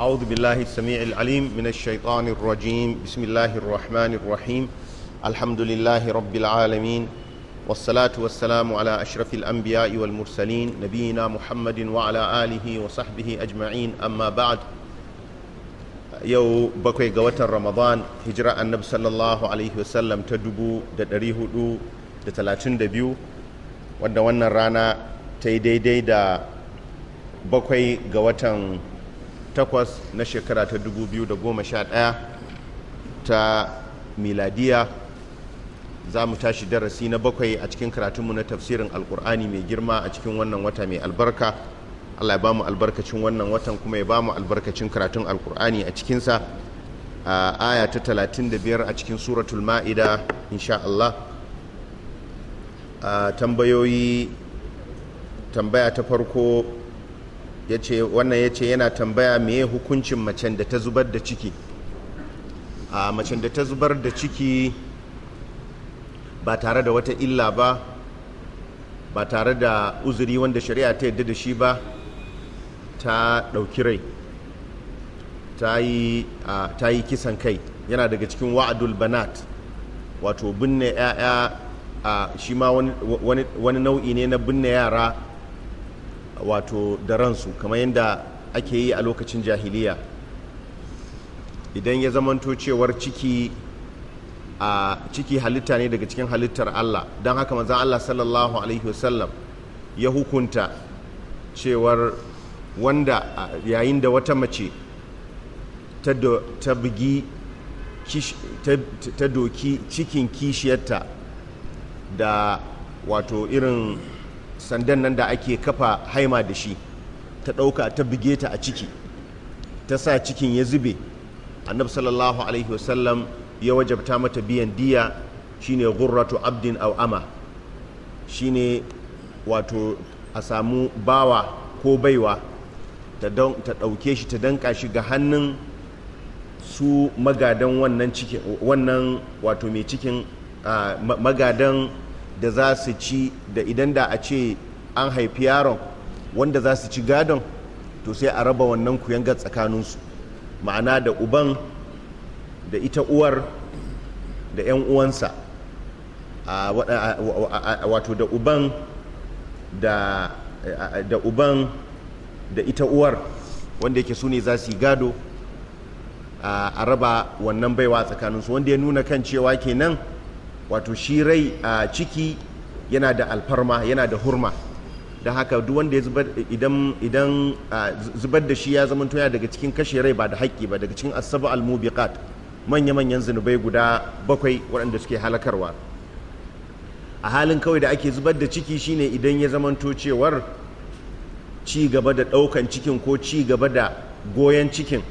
أعوذ بالله السميع العليم من الشيطان الرجيم بسم الله الرحمن الرحيم الحمد لله رب العالمين والصلاة والسلام على أشرف الأنبياء والمرسلين نبينا محمد وعلى آله وصحبه أجمعين أما بعد yau bakwai ga watan ramadan hijira annabi sallallahu alaihi wasallam ta dubu da ɗari hudu da talatin da biyu wanda wannan rana ta yi daidai da bakwai ga watan takwas na shekara ta 2011 ta miladiya za mu tashi darasi na bakwai a cikin karatunmu na tafsirin alkur'ani mai girma a cikin wannan wata mai albarka allah ya ba mu albarkacin wannan watan kuma ya ba mu albarkacin karatun alkur'ani a cikinsa a aya ta 35 a cikin suratul ma'ida insha allah tambayoyi tambaya ta farko yace wannan ce yana tambaya meye hukuncin macen da ta zubar da ciki a macen da ta zubar da ciki ba tare da wata illa ba ba tare da uzuri wanda shari'a ta yadda da shi ba ta ɗauki rai ta yi kisan kai yana daga cikin wa'adul banat wato binne 'ya'ya shi ma wani nau'i ne na binne yara wato da ransu kamar yadda ake yi a lokacin jahiliya idan ya zamanto cewar ciki a ciki halitta ne daga cikin halittar Allah don haka mazan Allah sallallahu alaihi wasallam ya hukunta cewar wanda yayin da wata mace ta bugi ta doki cikin kishiyarta da wato irin sandan nan da ake kafa haima da shi ta ɗauka ta buge ta a ciki ta sa cikin ya zube annab sallallahu alaihi wasallam ya wajabta mata biyan diya shine gurratu abdin au ama shine wato a samu bawa ko baiwa ta ɗauke shi ta danka shi ga hannun su magadan wannan cikin wannan wato mai cikin ah, magadan da za su ci da idan da a ce an haifi yaron wanda za su ci gadon to sai a raba wannan kuyanga tsakaninsu ma'ana da uban da ita uwar da 'yan uwansa wato da uban da da uban da ita uwar wanda yake su ne za su yi gado a raba wannan baiwa tsakaninsu wanda ya nuna kan cewa kenan nan wato shi rai a ciki yana da alfarma yana da hurma da haka duk wanda ya zubar idan idan zubar da shi ya zama daga cikin kashe rai ba da haƙƙi ba daga cikin asabu almubiqat manya-manyan zunubai guda bakwai waɗanda suke halakarwa a halin kawai da ake zubar da ciki shine idan ya zamanto cewar ci gaba da ɗaukan cikin ko ci gaba da goyon cikin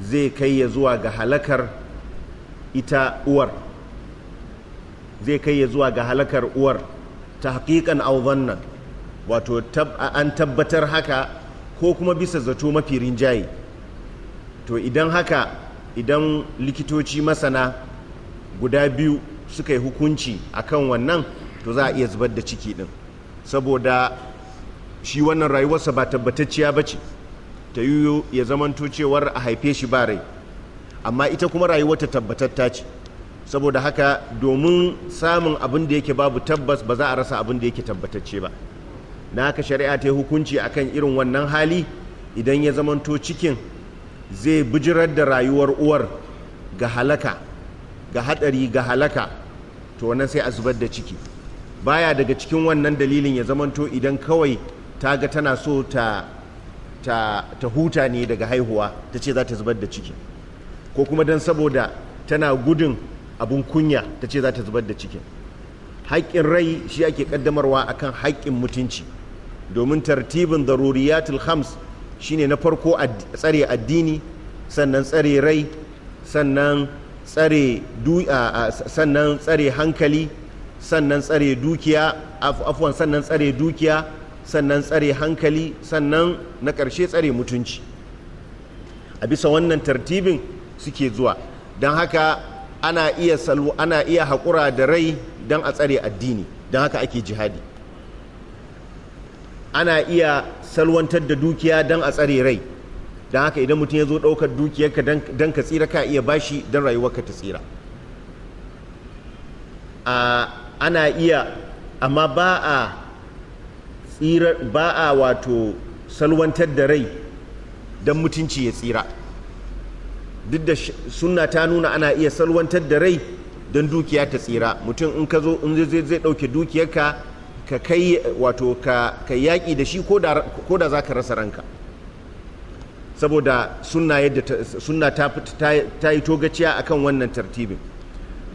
zai kai ya zuwa ga halakar ita uwar zai kai ya zuwa ga halakar uwar ta haƙiƙan nan wato an tabbatar haka ko kuma bisa zato mafi rinjaye to idan haka idan likitoci masana guda biyu suka yi hukunci akan wannan to za a iya zubar da ciki din saboda shi wannan rayuwarsa ba tabbatacciya ba ce ta yiwu ya zamanto cewar a haife shi ba rai amma ita kuma rayuwarta tabbatatta ce saboda haka domin samun abin da yake babu tabbas ba za a rasa abin da yake tabbatacce ba na haka shari'a ta yi hukunci akan irin wannan hali idan ya zamanto cikin zai bijirar da rayuwar uwar ga halaka ga hadari ga halaka to wannan sai a zubar da ciki baya daga cikin wannan dalilin ya zamanto idan kawai ta ga tana so ta, ta huta ne daga haihuwa ta ce za ta zubar da ciki ko kuma don saboda tana gudun abun kunya ta ce za ta zubar da cikin haƙƙin rai shi ake ƙaddamarwa akan haƙƙin mutunci domin tartibin daruriyatul hams shine na farko tsare addini sannan tsare rai sannan tsare sannan tsare hankali sannan tsare dukiya afuwan sannan tsare dukiya sannan tsare hankali sannan na ƙarshe tsare mutunci a bisa wannan tartibin suke zuwa don haka ana iya salwa ana iya haƙura da rai don a tsare addini don haka ake jihadi ana iya salwantar da dukiya don a tsare rai don haka idan mutum ya zo ɗaukar dukiyarka don ka tsira ka iya bashi don rayuwarka ta tsira ana iya amma ba a tsira ba a wato salwantar da rai don mutunci ya tsira duk da sunna ta nuna ana iya salwantar da rai don dukiya ta tsira mutum in ka zo in zai dauke dukiyarka ka kai wato ka yaƙi da shi ko da za ka rasa ranka saboda sunna yadda sunna ta yi togaciya akan wannan tartibin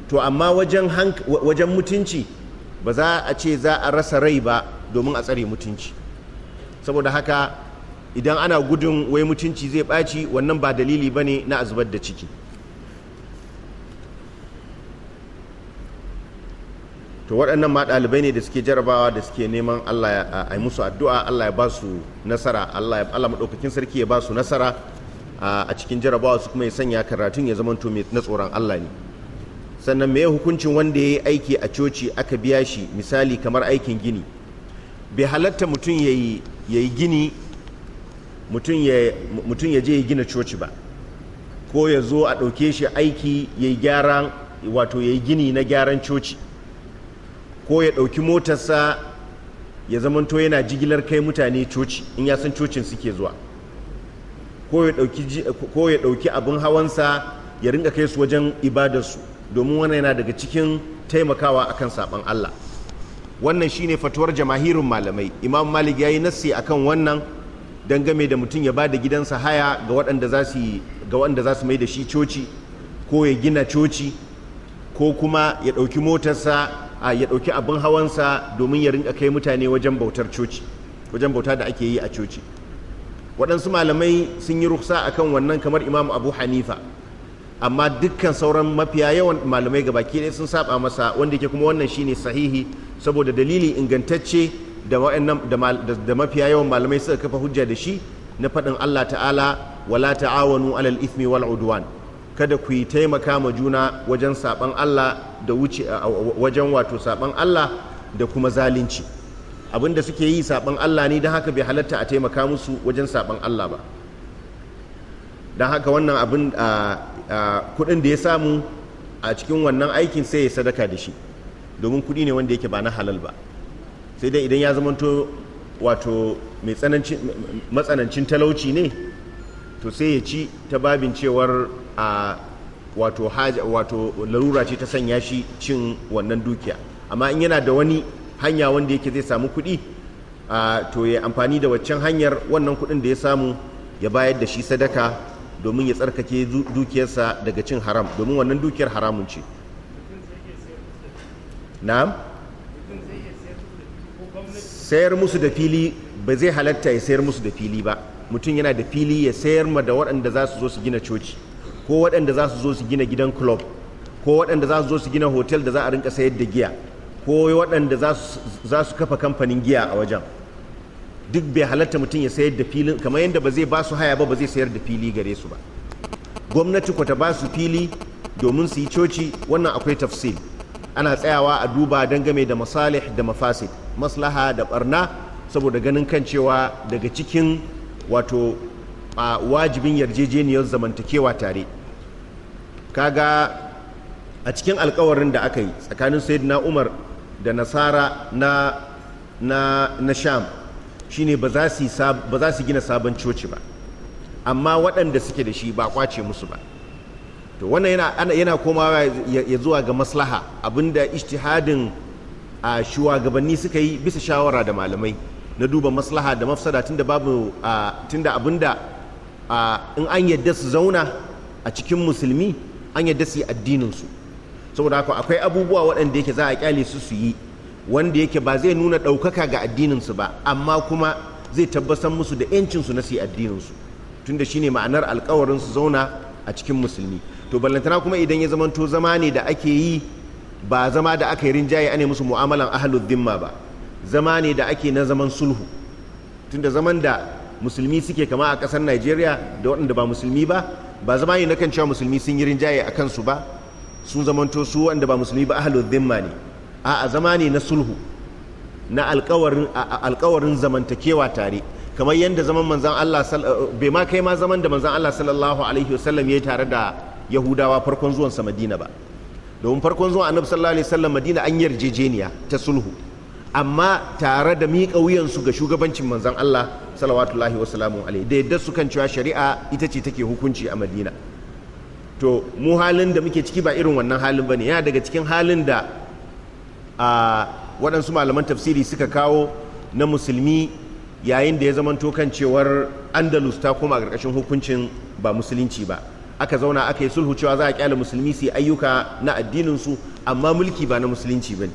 to amma wajen mutunci ba za a ce za a rasa rai ba domin a tsare mutunci saboda haka idan ana gudun wai mutunci zai ɓaci wannan ba dalili ba ne na azubar da ciki to waɗannan ma ɗalibai ne da suke jarabawa da suke neman Allah ya musu addu'a Allah ya ba su nasara Allah maɗaukakin sarki ya ba su nasara a cikin jarabawa su kuma ya sanya karatun ya zama mai na tsoron Allah ne sannan me hukuncin wanda ya yi aiki a coci aka biya shi misali kamar aikin gini bai halatta mutum ya yi gini mutum ya je ya gina coci ba ko ya zo a ɗauke shi aiki ya yi gyaran wato ya gini na gyaran coci ko ya ɗauki motarsa ya zamanto yana jigilar kai mutane coci in ya san cocin suke zuwa ko ya ɗauki abin hawansa ya ringa kai su wajen ibadarsu domin wannan yana daga cikin taimakawa akan saɓan Allah wannan shine fatuwar jamahirin malamai imam malik ya yi nassi akan wannan don game da mutum ya ba da gidansa haya ga waɗanda za su mai da shi coci ko ya gina coci ko kuma ya ɗauki motarsa ya ɗauki abin hawansa domin ya rinka kai mutane wajen bautar coci wajen bauta da ake yi a coci waɗansu malamai sun yi ruksa akan wannan kamar imam abu hanifa amma dukkan sauran mafiya yawan malamai gabaki ɗaya sun saba masa wanda ke kuma wannan shine sahihi saboda dalili ingantacce da mafiya yawan malamai suka kafa hujja da shi na faɗin Allah ta'ala wala ta'awanu alal ismi wal udwan kada ku yi taimaka ma juna wajen saban Allah da wuce wajen wato saban Allah da kuma zalunci abinda suke yi saban Allah ne don haka bai halatta a taimaka musu wajen saban Allah ba don haka wannan abin kuɗin da ya samu a cikin wannan aikin sai ya sadaka da shi domin kuɗi ne wanda yake ba na halal ba sai dai idan ya zamanto wato matsanancin talauci ne to sai ya ci ta babin cewar a wato larura ce ta sanya shi cin wannan dukiya amma in yana da wani hanya wanda yake zai samu kuɗi to ya amfani da waccan hanyar wannan kuɗin da ya samu ya bayar da shi sadaka domin ya tsarkake dukiyarsa daga cin haram domin wannan dukiyar haramun ce na'am sayar musu da fili ba zai halatta ya sayar musu da fili ba mutum yana da fili ya sayar ma da waɗanda za su zo su gina coci ko waɗanda za su zo su gina gidan club ko waɗanda za su zo su gina hotel da za a rinka sayar da giya ko waɗanda za su kafa kamfanin giya a wajen duk bai halatta mutum ya sayar da filin kamar yadda ba zai ba su haya ba ba zai sayar da fili gare su ba gwamnati kwata ba su fili domin su yi coci wannan akwai tafsil ana tsayawa a duba game da masalih da mafasid maslaha da barna saboda ganin kan cewa daga cikin wato a wajibin yarjejeniyar zamantakewa tare kaga a cikin alkawarin da aka yi tsakanin sayyidina umar da nasara na na na sham shine ba za su gina sabon coci ba amma waɗanda suke da shi ba kwace musu ba to wannan yana komawa ya zuwa ga maslaha abinda ishtihadin a shugabanni suka yi bisa shawara da malamai na duba maslaha da mafsada tunda babu tunda abinda in an yadda su zauna a cikin musulmi an yadda su yi addinin su saboda haka akwai abubuwa waɗanda yake za a kyale su su yi wanda yake ba zai nuna ɗaukaka ga addinin su ba amma kuma zai tabbatar musu da yancin su na su yi addinin su tunda shine ma'anar alƙawarin su zauna a cikin musulmi to ballantana kuma idan ya zamanto zama ne da ake yi ba zama da aka yi rinjaye ane musu mu'amalan ahalud dimma ba zama ne da ake na zaman sulhu tunda zaman da musulmi suke kama a ƙasar Najeriya da waɗanda ba musulmi ba ba zama ne na kan cewa musulmi sun yi rinjaye a kansu ba sun zamanto su waɗanda ba musulmi ba ahalud dimma ne a zama ne na sulhu na alkawarin zamantakewa tare kamar yadda zaman manzan Allah eh, bai ma kai ma zaman da manzan Allah sallallahu alaihi wasallam ya yi tare da Yahudawa farkon zuwansa Madina ba domin farkon zuwa annabi sallallahu alaihi wasallam madina an yarjejeniya ta sulhu amma tare da miƙa wuyansu ga shugabancin manzon Allah salawatullahi wasalamu alaihi da yadda su kan cewa shari'a ita ce take hukunci a madina to mu halin da muke ciki ba irin wannan halin bane yana daga cikin halin da a waɗansu malaman tafsiri suka kawo na musulmi yayin da ya zamanto kan cewar andalus ta koma a ƙarƙashin hukuncin ba musulunci ba aka zauna aka yi sulhu cewa za a kyale musulmi su ayyuka na addininsu amma mulki ba na musulunci ba ne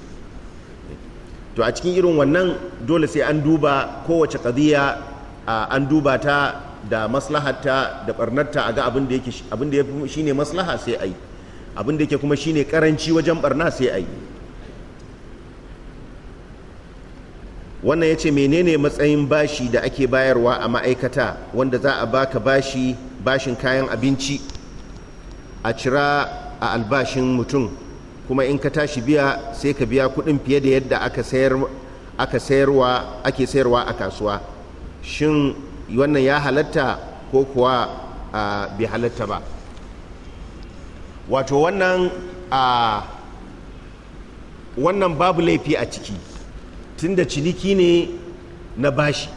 to a cikin irin wannan dole sai an duba kowace kaziyya an duba ta da maslahatta da barnatta a ga abin da yake abin da shine maslaha sai ai abin da yake kuma shine karanci wajen barna sai ai wannan ya ce menene matsayin bashi da ake bayarwa a ma'aikata wanda za a baka bashi bashin kayan abinci a cira a albashin mutum kuma in ka tashi biya sai ka biya kuɗin fiye da yadda aka sayarwa ake sayarwa a kasuwa shin wannan ya halatta ko kuwa bai halatta ba wato wannan a wannan babu laifi a ciki tunda ciniki ne na bashi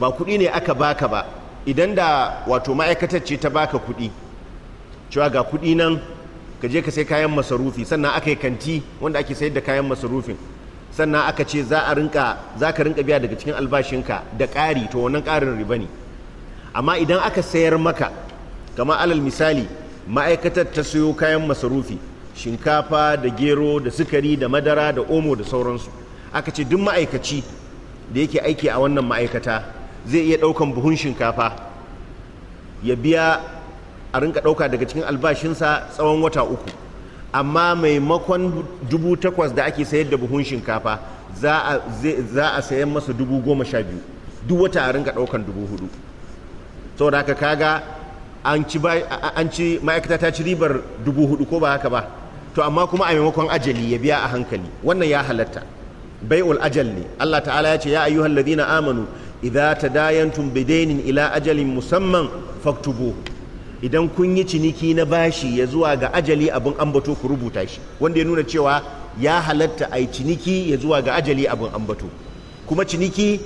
ba kuɗi ne aka baka ba idan da wato ma'aikatar ce ta baka kuɗi cewa ga kuɗi nan ka je ka sai kayan masarufi sannan aka yi kanti wanda ake sayar da kayan masarufin sannan aka ce za a rinka za ka rinka biya daga cikin albashinka da ƙari to wannan ƙarin riba ne amma idan aka sayar maka kama alal misali ma'aikatar ta sayo kayan masarufi shinkafa da gero da sukari da madara da omo da sauransu aka ce duk ma'aikaci da yake aiki a wannan ma'aikata zai iya ɗaukan buhun shinkafa ya biya a rinka ɗauka daga cikin albashinsa tsawon wata uku amma maimakon dubu takwas da ake sayar da buhun shinkafa za a sayan masa dubu goma sha biyu duk wata a rinka ɗaukan dubu hudu saboda haka kaga an ci ma'aikata ta ci ribar dubu hudu ko ba haka ba to amma kuma a maimakon ajali ya biya a hankali wannan ya halatta bai'ul ajal ne Allah ta'ala ya ce ya ayyuhal ladina amanu idza tadayantum bidainin ila ajalin musamman faktubu idan kun yi ciniki na bashi ya zuwa ga ajali abin ambato ku rubuta shi wanda ya nuna cewa ya halatta a ciniki ya zuwa ga ajali abin ambato kuma ciniki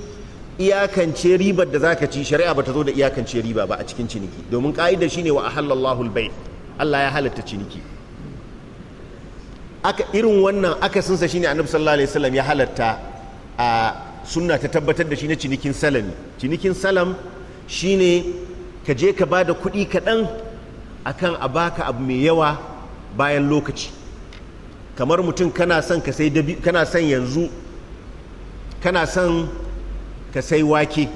iyakance ribar da zaka ci shari'a bata zo da iyakance riba ba a cikin ciniki domin ka'ida shine wa ahallallahu albay Allah ya halatta ciniki aka irin wannan akasinsa shine annabi sallallahu alaihi wasallam ya halatta a sunna ta tabbatar da shi na cinikin salam cinikin salam shine ka je ka bada kuɗi kaɗan akan a baka abu mai yawa bayan lokaci kamar mutum kana son ka sai kana son yanzu kana son ka sai wake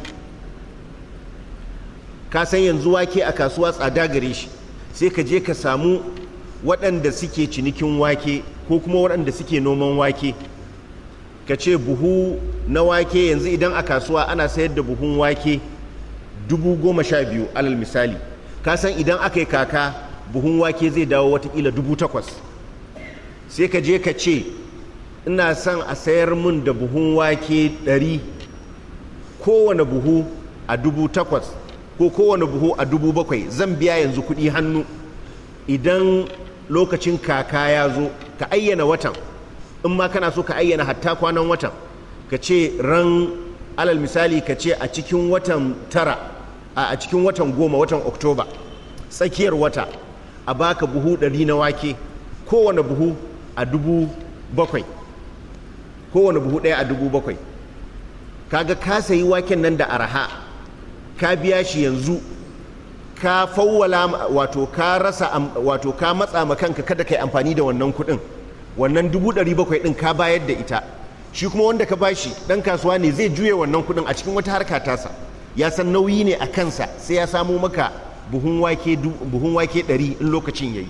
ka san yanzu wake a kasuwa tsada gare shi sai ka je ka samu waɗanda suke cinikin wake ko kuma waɗanda suke noman wake ka ce buhu na wake yanzu idan a kasuwa ana sayar da buhun wake dubu goma sha biyu alal misali ka san idan aka yi kaka buhun wake zai dawo watakila dubu takwas sai ka je ka ce ina son a sayar min da buhun wake ɗari kowane buhu a dubu takwas ko kowane buhu a dubu bakwai zan biya yanzu kuɗi hannu idan lokacin kaka ya zo ka ayyana watan in ma kana so ka ayyana hatta kwanan watan ka ce ran alal misali ka ce a cikin watan tara a cikin watan goma watan oktoba tsakiyar wata a baka buhu ɗari na wake kowane buhu a dubu bakwai kowane buhu ɗaya a dubu bakwai kaga ka sayi waken nan da araha ka biya shi yanzu ka fawwala wato ka rasa wato ka matsa ma kanka kada ka yi amfani da wannan kuɗin wannan dubu ɗari bakwai ɗin ka bayar da ita shi kuma wanda ka bashi ɗan kasuwa ne zai juya wannan kuɗin a cikin wata harka tasa ya san nauyi ne a kansa sai ya samo maka buhun wake ɗari in lokacin ya yi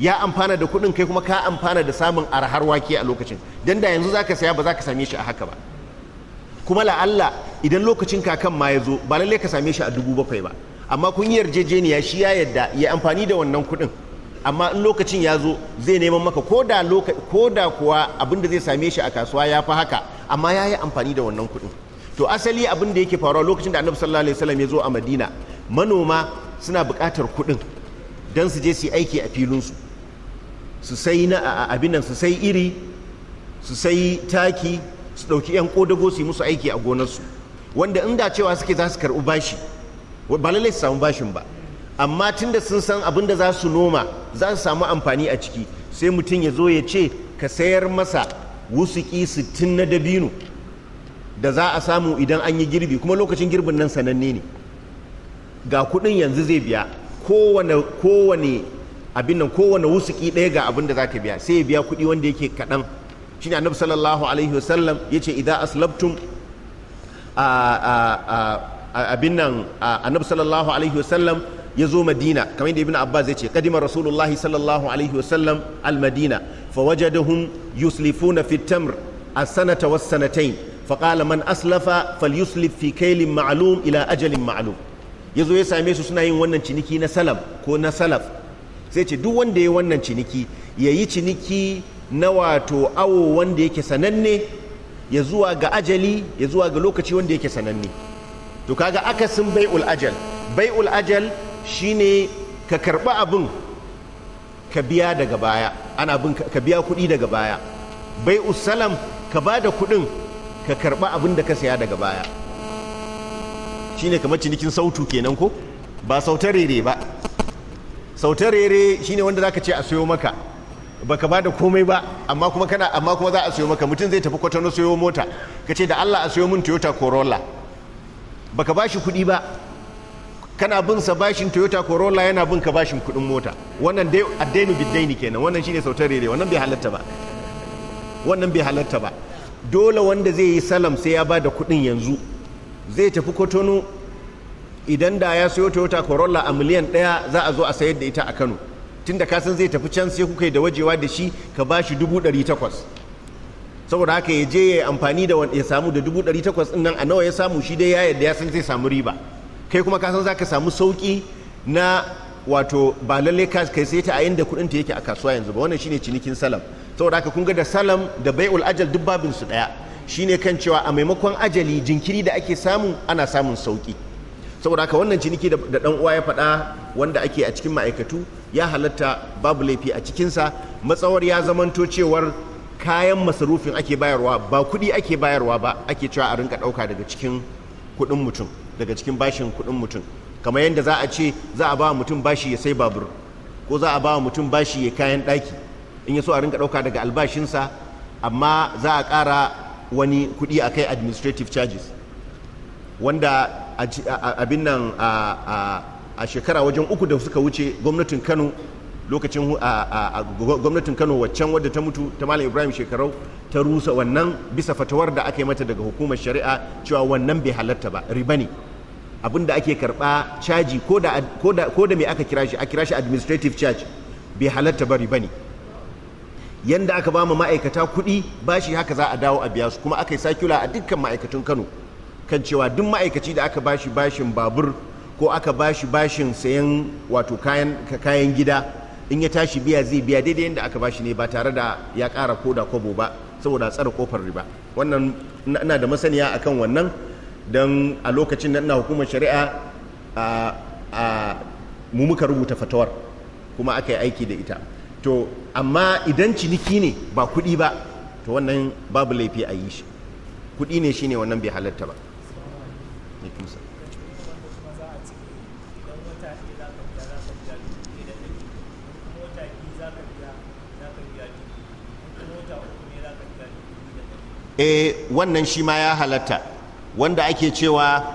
ya amfana da kuɗin kai kuma ka amfana da samun arhar wake a lokacin don da yanzu zaka saya ba za ka same shi a haka ba kuma la'alla idan lokacin kakan ma ya zo ba lallai ka same shi a dubu bakwai ba amma kun yi yarjejeniya shi ya yadda ya amfani da wannan kuɗin amma in lokacin ya zo zai neman maka ko da kuwa abin da zai same shi a kasuwa ya fi haka amma ya yi amfani da wannan kuɗin to asali abin da yake faruwa lokacin da annabi sallallahu alaihi wasallam ya zo a madina manoma suna buƙatar kuɗin don su je su yi aiki a filinsu su sai na abin nan su sai iri su sai taki su ɗauki 'yan ƙodago su yi musu aiki a gonarsu wanda inda cewa suke za su karɓi bashi ba lallai su samu bashin ba amma tun da sun san abin da za su noma za su samu amfani a ciki sai mutum ya zo ya ce ka sayar masa wusuki sittin na dabino da za a samu idan an yi girbi kuma lokacin girbin nan sananne ne ga kuɗin yanzu zai biya kowane abin nan kowane wusuki ɗaya ga abin da za ka biya sai ya biya kuɗi wanda yake kaɗan shi ne annabi sallallahu alaihi wasallam ya ce idan aslabtum abin nan annabi sallallahu alaihi wasallam ya zo madina kamar yadda ibn abbas zai ce kadima rasulullahi sallallahu alaihi wasallam fa wajadahum yuslifuna fi tamr as-sanata was-sanatayn qala man aslafa falyuslif fi kaylin ma'lum ila ajalin ma'lum yazo ya same su suna yin wannan ciniki na salam ko na salaf sai ce duk wanda ya wannan ciniki yayi ciniki na wato awo wanda yake sananne ya zuwa ga ajali ya zuwa ga lokaci wanda yake sananne to kaga akasin bai'ul ajal bai'ul ajal shine ka karɓi abin ka biya daga baya ana bin ka biya kuɗi daga baya bai usalam ka ba da kuɗin ka karɓi abin da ka saya daga baya shine kamar cinikin sautu kenan ko ba rere ba shi shine wanda zaka ce a sayo maka baka ba da komai ba amma kuma kana amma kuma za a sayo maka mutum zai tafi kwatano sayo mota ka ce da Allah a sayo min Toyota Corolla baka ba shi kuɗi ba kana bin sa bashin Toyota Corolla yana bin ka bashin kuɗin mota wannan dai addainu biddaini kenan wannan shine sautar rere wannan bai halatta ba wannan bai halatta ba dole wanda zai yi salam sai ya bada kuɗin yanzu zai tafi Kotonu idan da ya sayo Toyota Corolla a miliyan daya za a zo a sayar da ita a Kano tunda ka san zai tafi can sai kuka yi da wajewa da shi ka bashi dubu ɗari saboda haka ya je ya yi amfani da ya samu da dubu ɗari takwas nan a nawa ya samu shi dai ya yadda ya san zai samu riba kai kuma kasan san za ka samu sauki na wato ba lalle ka kai sai ta a yanda kudin ta yake a kasuwa yanzu ba wannan shine cinikin salam saboda haka kun ga da salam da bai'ul ajal duk babin su daya shine kan cewa a maimakon ajali jinkiri da ake samu ana samun sauki saboda haka wannan ciniki da dan uwa ya faɗa wanda ake a cikin ma'aikatu ya halatta babu laifi a cikinsa matsawar ya zamanto cewar kayan masarufin ake bayarwa ba kuɗi ake bayarwa ba ake cewa a rinka ɗauka daga cikin kuɗin mutum daga cikin bashin kuɗin mutum kamar yadda za a ce za a ba mutum bashi ya sai babur ko za a ba mutum bashi ya kayan ɗaki in ya so a rinka ɗauka daga albashinsa amma za a ƙara wani kuɗi a kai administrative charges wanda abin nan a shekara wajen uku da suka wuce gwamnatin kano lokacin gwamnatin kano waccan wadda ta mutu ta malam ibrahim shekarau ta rusa wannan bisa fatawar da aka yi mata daga hukumar shari'a cewa wannan bai halatta ba riba ne abin da ake karɓa caji ko da me aka kira shi a kira shi administrative charge bai halatta bari ne yanda aka ba ma'aikata kuɗi bashi haka za a dawo a biya su kuma aka yi sakula a dukkan ma'aikatun kano kan cewa duk ma'aikaci da aka bashi bashin babur ko aka bashi bashin sayan wato kayan gida in ya tashi biya zai biya daidai yadda aka bashi ne ba tare da ya ƙara koda kwabo ba saboda tsara kofar riba wannan ina da masaniya akan wannan don a lokacin na hukumar shari'a a mu muka rubuta fatawar kuma aka yi aiki da ita to amma idan ciniki ne ba kuɗi ba to wannan babu laifi a yi shi kuɗi ne shine wannan bai halatta ba e wannan shi ma ya halatta wanda ake cewa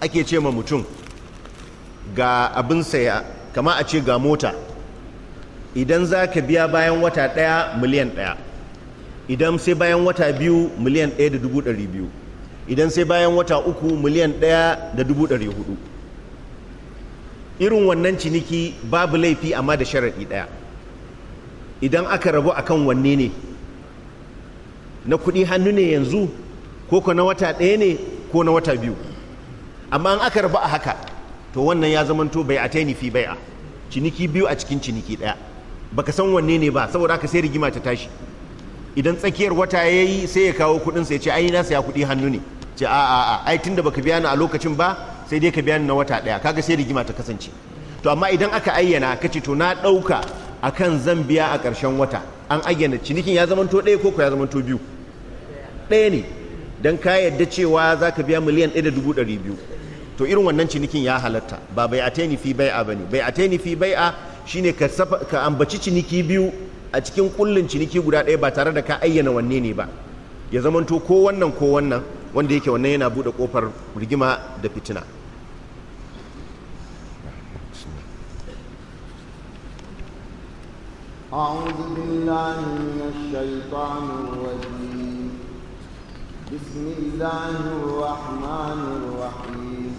ake ce ma mutum ga abin saya kama a ce ga mota idan za ka biya bayan wata ɗaya miliyan ɗaya idan sai bayan wata biyu miliyan ɗaya da dubu ɗari biyu idan sai bayan wata uku miliyan ɗaya da dubu ɗari hudu irin wannan ciniki babu laifi amma da sharaɗi ɗaya idan aka rabu akan wanne ne na kuɗi hannu ne yanzu ko ko na wata ɗaya ne ko na wata biyu amma an aka rabu a haka to wannan ya zamanto bai a taini fi a ciniki biyu a cikin ciniki ɗaya baka san wanne ne ba saboda aka sai rigima ta tashi idan tsakiyar wata ya yi sai ya kawo kuɗin sai ce ai na saya kuɗi hannu ne ce a a a ai tunda baka biya ni a lokacin ba sai dai ka biya ni na wata ɗaya kaga sai rigima ta kasance to amma idan aka ayyana ka ce to na ɗauka akan zan biya a ƙarshen wata an ayyana cinikin ya zamanto ɗaya ko ya zamanto biyu ɗaya ne don ka yadda cewa za ka biya miliyan ɗaya da dubu ɗari biyu to irin wannan cinikin ya halatta ba bai ataini fi bai'a ba ne bai ataini fi bai'a shine ka, ka ambaci ciniki biyu a cikin kullun ciniki guda ɗaya ba tare da ka ayyana wanne ne ba ya zamanto ko wannan ko wannan wanda yake wannan yana buɗe kofar rigima da fitina أعوذ بالله من الشيطان الرجيم بسم الله الرحمن الرحيم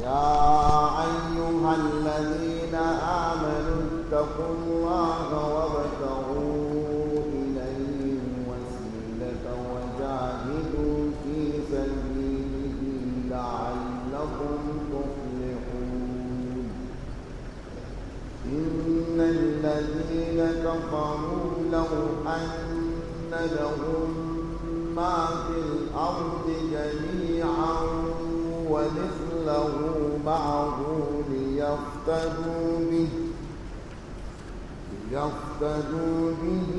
يا أيها الذين آمنوا اتقوا الله وابتغوا إليه الوسيلة وجاهدوا في سبيله لعلكم تفلحون إن الذين كفروا لو أن لهم في الأرض جميعا ومثله معه ليفتدوا به ليفتدوا به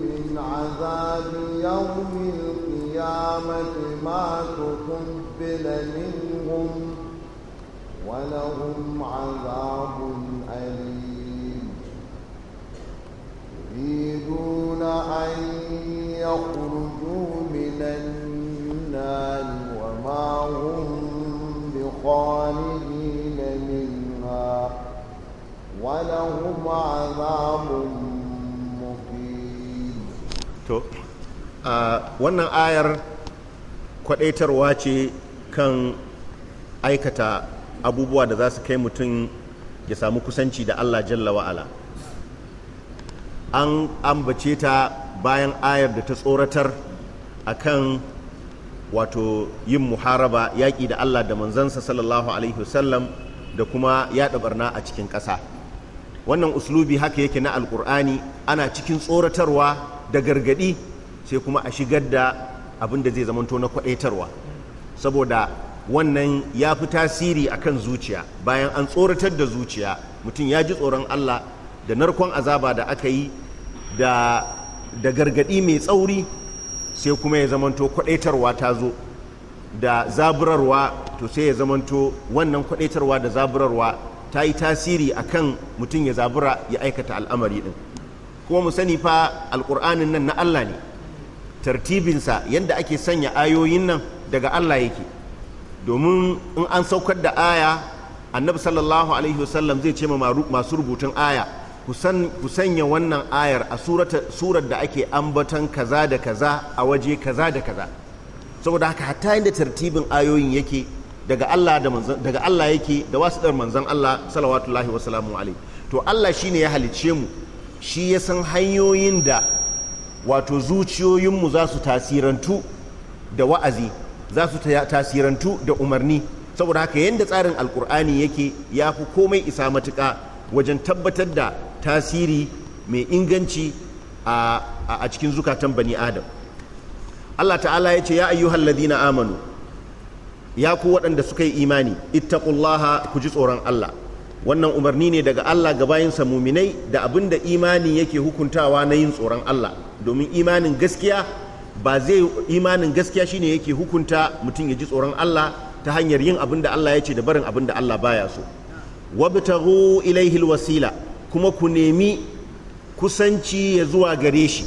من عذاب يوم القيامة ما تقبل منهم ولهم عذاب أليم يريدون أن يخرجوا النار وما هم بخالدين منها ولهم عذاب مقيم تو wannan ayar kwadaitarwa ce kan aikata abubuwa da za su kai mutum ya samu kusanci da Allah jalla wa'ala an ambace ta bayan ayar da ta tsoratar akan wato yin muharaba yaƙi da Allah da manzansa sallallahu alaihi wasallam da kuma yaɗa barna a cikin ƙasa wannan uslubi haka yake na alƙur'ani ana cikin tsoratarwa da gargaɗi sai kuma a shigar da abin da zai zamanto na kwaɗaitarwa saboda wannan ya fi tasiri a kan zuciya bayan an tsoratar da zuciya mutum ya ji tsoron Allah da narkon azaba da aka yi da gargaɗi mai tsauri sai kuma ya zamanto kwadaitarwa ta zo da zaburarwa to sai ya zamanto wannan kwadaitarwa da zaburarwa ta yi tasiri a kan mutum ya zabura ya aikata al'amari din kuma mu sani fa alƙur'anin nan na Allah ne tartibinsa yadda ake sanya ayoyin nan daga Allah yake domin in an saukar da aya annabi sallallahu alaihi wasallam zai ce ma masu rubutun aya ku sanya wannan ayar a surar da ake ambatan kaza da kaza a waje kaza da kaza saboda haka hatta inda tartibin ayoyin yake daga Allah yake da wasu dar manzan Allah salawatullahi wa salamu to Allah shi ne ya halicce mu shi ya san hanyoyin da wato zuciyoyinmu za su tasirantu da wa'azi za su tasirantu da umarni saboda haka yadda tsarin alkur'ani yake ya fi komai isa matuka wajen tabbatar da tasiri mai inganci a cikin zukatan bani adam Allah ta'ala ya ce ya ayyuhal ladina amanu ya ku waɗanda suka yi imani ittaqullaha ku ji tsoron Allah wannan umarni ne daga Allah ga bayansa muminai da abin da imani yake hukuntawa na yin tsoron Allah domin imanin gaskiya ba zai imanin gaskiya shine yake hukunta mutum ya ji tsoron Allah ta hanyar yin abin da Allah ya ce da barin abin da Allah baya so wabtaghu ilaihi wasila kuma ku nemi kusanci ya zuwa gare shi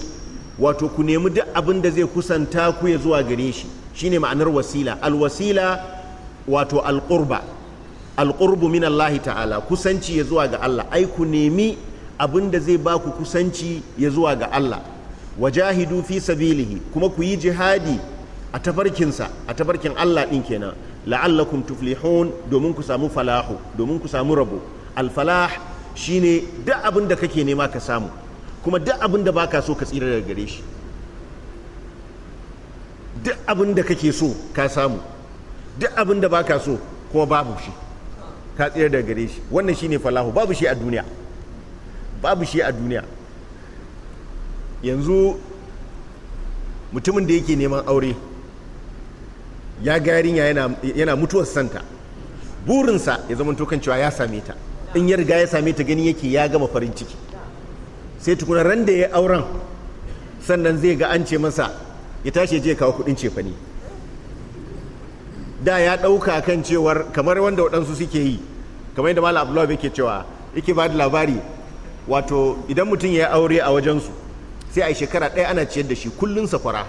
wato ku nemi duk abin da zai kusanta ku ya zuwa gare shi shine ma'anar wasila alwasila wato alqurba alqurbu min Allah ta'ala kusanci ya zuwa ga Allah ai ku nemi abin da zai ba ku kusanci ya zuwa ga Allah wajahidu fi sabilihi kuma ku yi jihadi a tafarkinsa a tafarkin Allah ɗin kenan la'allakum tuflihun domin ku samu falahu domin ku samu rabo alfalah shine duk abin da kake nema ka samu kuma duk abin da baka so ka tsira daga gare shi duk abin da kake so ka samu duk abin da baka so kuma babu shi ka tsira daga gare shi wannan shine falahu babu shi a duniya babu shi a duniya yanzu mutumin da yake neman aure ya ga yarinya yana mutuwar santa burinsa ya zama tokancewa cewa ya same ta in ya riga ya same ta gani yake ya gama farin ciki sai tukuna ran da ya auren sannan zai ga an ce masa ya tashi je kawo kudin cefani da ya ɗauka kan cewar kamar wanda waɗansu suke yi kamar yadda malam abdullahi yake cewa yake ba da labari wato idan mutum ya yi aure a wajensu sai a shekara ɗaya ana ciyar da shi kullun safara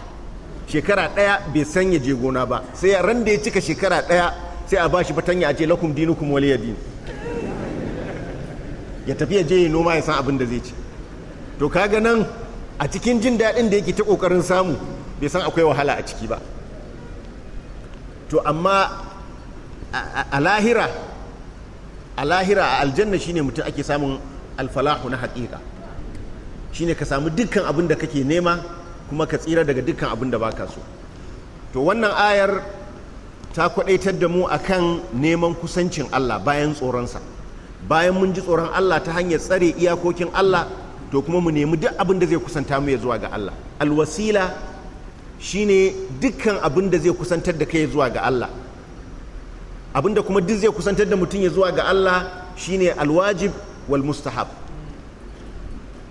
shekara ɗaya bai sanya ya je gona ba sai ran da ya cika shekara ɗaya sai a ba shi fatanya a ce lakum dinukum waliyadin ya tafiya ya je ya noma ya san abin da zai ci to kaga nan a cikin jin daɗin da yake ta ƙoƙarin samu bai san akwai wahala a ciki ba to amma a lahira a lahira a aljanna shine mutum ake samun alfalahu na haƙiƙa shine ka samu dukkan abin da kake nema kuma ka tsira daga dukkan abin da baka so to wannan ayar ta kwaɗaitar da mu akan neman kusancin Allah bayan tsoronsa bayan mun ji tsoron Allah ta hanyar tsare iyakokin Allah to kuma mu nemi duk abin da zai kusanta mu ya zuwa ga Allah alwasila shine dukkan abin da zai kusantar da kai zuwa ga Allah abin da kuma duk zai kusantar da mutum ya zuwa ga Allah shine alwajib wal mustahab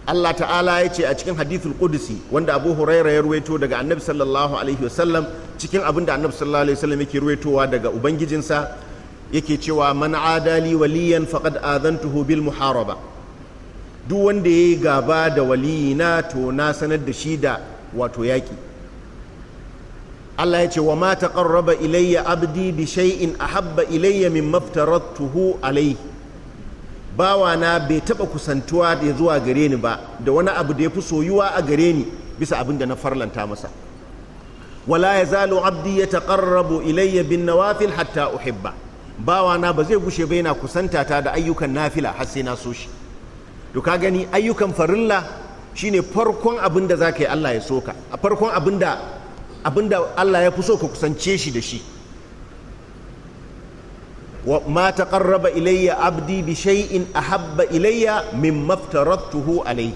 Allah ta'ala ya ce a cikin hadithul qudsi wanda Abu Huraira ya ruwaito daga Annabi sallallahu alaihi wasallam cikin abin da Annabi sallallahu alaihi wasallam yake ruwaitowa daga ubangijinsa yake cewa man adali waliyan faqad adantuhu bil muharaba duk wanda yayi gaba da waliyina to na sanar da shi da wato yaki Allah ya ce wa ma taqarraba ilayya abdi bi shay'in ahabba ilayya tuhu aftaradtuhu alayhi na bai taba kusantuwa da zuwa gare ni ba da wani abu da ya fi soyuwa a gare ni bisa abin da na farlanta masa wala yazalu abdi yataqarrabu ilayya bin nawafil hatta uhibba bawana ba zai gushe ba yana kusanta ta da ayyukan nafila har sai na so shi to ka gani ayyukan farilla shine farkon abin da zaka Allah ya soka a farkon abin da abin da Allah ya fi so ka kusance shi da shi wa ma taqarraba ilayya abdi bi shay'in ahabba ilayya mimma aftaratuhu alayhi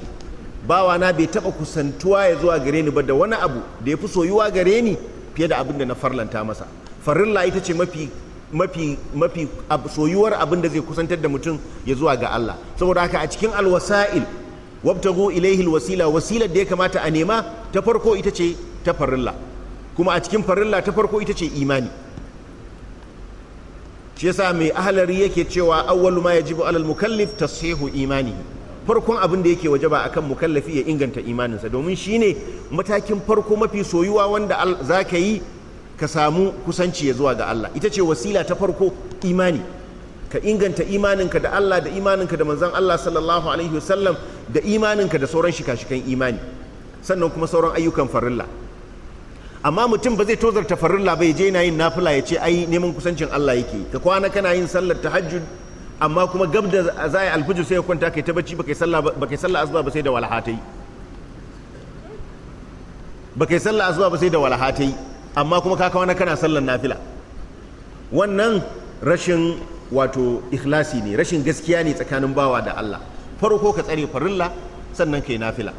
bawana bai taba kusantuwa ya zuwa gare ni ba da wani abu da ya fi soyuwa gare ni fiye da abin da na farlanta masa farilla ita ce mafi mafi mafi soyuwar abin da zai kusantar da mutum ya zuwa ga Allah saboda haka a cikin alwasail wabtagu ilaihi wasila wasilar da ya kamata a nema ta farko ita ce ta farilla kuma a cikin farilla ta farko ita ce imani shi yasa mai ahalari yake cewa awwalu ma ya yajibu alal mukallif tashihu imanihi farkon abin da yake wajaba akan mukallafi ya inganta imaninsa domin shine matakin farko mafi soyuwa wanda za ka yi ka samu kusanci ya zuwa ga Allah ita ce wasila ta farko imani ka inganta imaninka da Allah da imaninka da manzan Allah sallallahu alaihi wasallam da imaninka da sauran shika-shikan imani sannan kuma sauran ayyukan farilla amma mutum ba zai tozarta farilla ba ya je yana yin nafila ya ce ai neman kusancin Allah yake ka kwana kana yin sallar tahajjud amma kuma gab da zai alfujur sai ya kwanta kai ta bacci ba kai sallah asuba ba sai da walhatai baka sallah ba sai da walhatai amma kuma ka kawana kana sallar nafila wannan rashin wato ikhlasi ne rashin gaskiya ne tsakanin bawa da Allah farko ka tsare farilla sannan kai nafila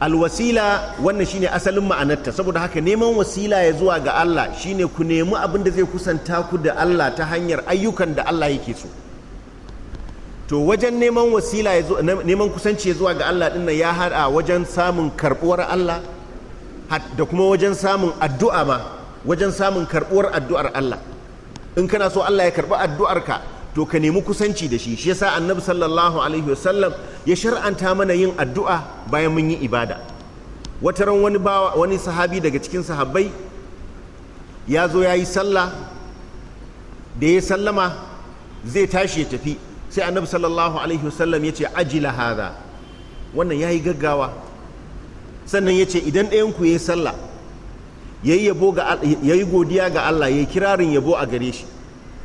alwasila wannan shine asalin ma'anarta saboda haka neman wasila ya zuwa ga Allah shine ku nemi abin da zai kusanta ku da Allah ta hanyar ayyukan da Allah yake so to wajen neman wasila neman kusanci ya zuwa ga Allah din ya hada wajen samun karbuwar Allah da kuma wajen samun addu'a ma wajen samun karɓuwar addu'ar Allah in kana so Allah ya karɓi addu'arka to ka nemi kusanci da shi shi yasa annabi sallallahu alaihi wasallam ya shar'anta mana yin addu'a bayan mun yi ibada wata ran wani bawa wani sahabi daga cikin sahabbai ya zo ya yi sallah da ya sallama zai tashi ya tafi sai annabi sallallahu alaihi wasallam ya ce ajila hadha wannan ya yi gaggawa sannan ya ce idan ɗayanku ya yi sallah ya yi godiya ga Allah ya yi kirarin yabo a gare shi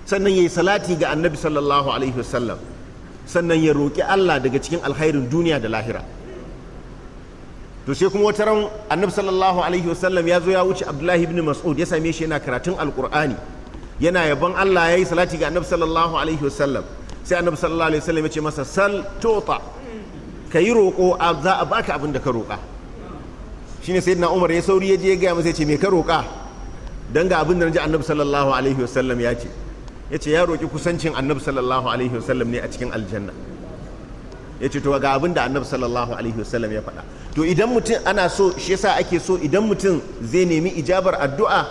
sannan ya yi salati ga annabi sallallahu alaihi wasallam sannan ya roƙi Allah daga cikin alkhairin duniya da lahira to sai kuma wata ran annabi sallallahu alaihi wasallam ya zo ya wuce abdullahi ibn mas'ud ya same shi yana karatun alqur'ani yana yabon Allah ya yi salati ga annabi sallallahu alaihi wasallam sai annabi sallallahu alaihi wasallam ya ce masa sal tota ka yi roƙo za a baka abin da ka roƙa shine na umar ya sauri ya je ya gaya masa ya ce me ka roƙa don ga abin da na ji annabi sallallahu alaihi wasallam ya ce ya ce ya roƙi kusancin annabi sallallahu alaihi wasallam ne a cikin aljanna ya ce to ga abin da annabi sallallahu alaihi wasallam ya faɗa to idan mutum ana so shi yasa ake so idan mutum zai nemi ijabar addu'a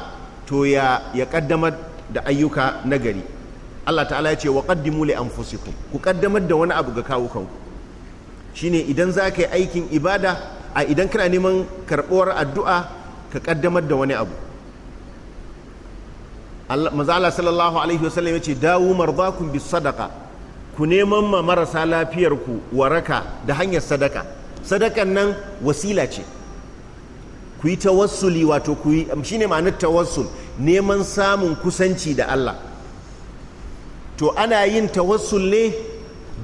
to ya ya kaddamar da ayyuka nagari Allah ta'ala ya ce wa qaddimu li anfusikum ku kaddamar da wani abu ga kawukanku shine idan za ka yi aikin ibada a idan kana neman karɓuwar addu'a ka ƙaddamar da wani abu mazala sallallahu alaihi wasallam ya ce dawo marzakun bi sadaka ku neman ma marasa lafiyarku waraka da hanyar sadaka sadakan nan wasila ce ku yi tawassuli wato ku yi shine ma'anar tawassul neman samun kusanci da Allah to ana yin tawassul ne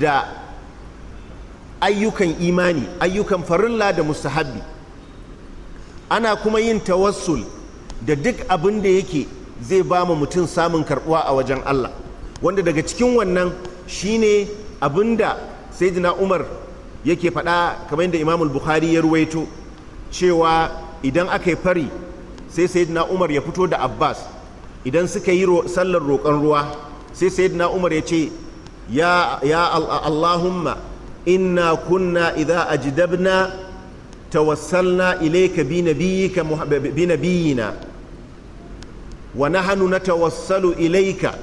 da ayyukan imani ayyukan farilla da mustahabbi ana kuma yin tawassul da duk abin da yake zai ba mu mutum samun karbuwa a wajen Allah wanda daga cikin wannan shine abin da sayyidina Umar yake faɗa kamar yadda imamul Bukhari ya ruwaito cewa idan aka yi fari sai sayyidina Umar ya fito da Abbas idan suka yi sallar roƙon ruwa sai sayyidina Umar ya ce ya Allahumma inna kunna idza ajdabna tawassalna ilayka bi nabiyyika bi nabiyyina wa nahnu natawassalu ilayka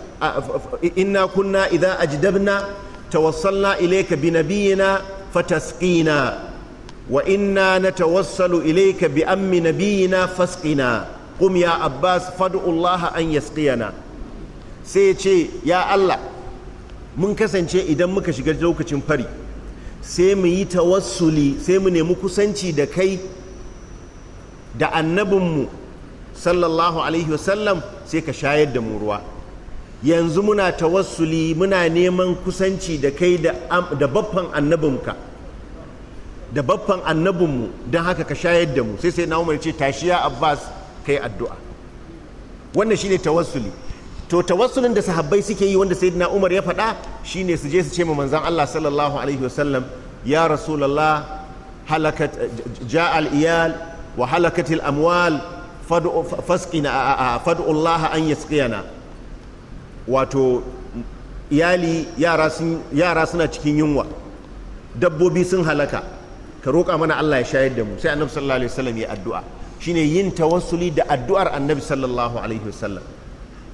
inna kunna idza ajdabna tawassalna ilayka bi nabiyyina fatasqina wa inna natawassalu ilayka bi ammi nabiyyina fasqina qum ya abbas fad'u allaha an yasqiyana sai ya ce ya allah mun kasance idan muka shiga lokacin fari sai mu yi tawassuli sai mu nemi kusanci da kai da annabinmu sallallahu alaihi wasallam sai ka shayar da mu ruwa yanzu muna tawassuli muna neman kusanci da kai da baffan annabinka da babban annabinmu don haka ka shayar da mu sai sai na umar ce tashiya abbas kai addu'a wannan shine tawassuli to tawassulin da sahabbai suke yi wanda sayyidina Umar ya faɗa shine su je su ce ma manzon Allah sallallahu alaihi wasallam ya rasulullah halakat ja'a iyal wa halakat al-amwal fad'u fasqina fad'u Allah an yasqiyana wato iyali yara sun yara suna cikin yunwa dabbobi sun halaka ka roƙa mana Allah ya shayar da mu sai annabi sallallahu alaihi wasallam ya addu'a shine yin tawassuli da addu'ar annabi sallallahu alaihi wasallam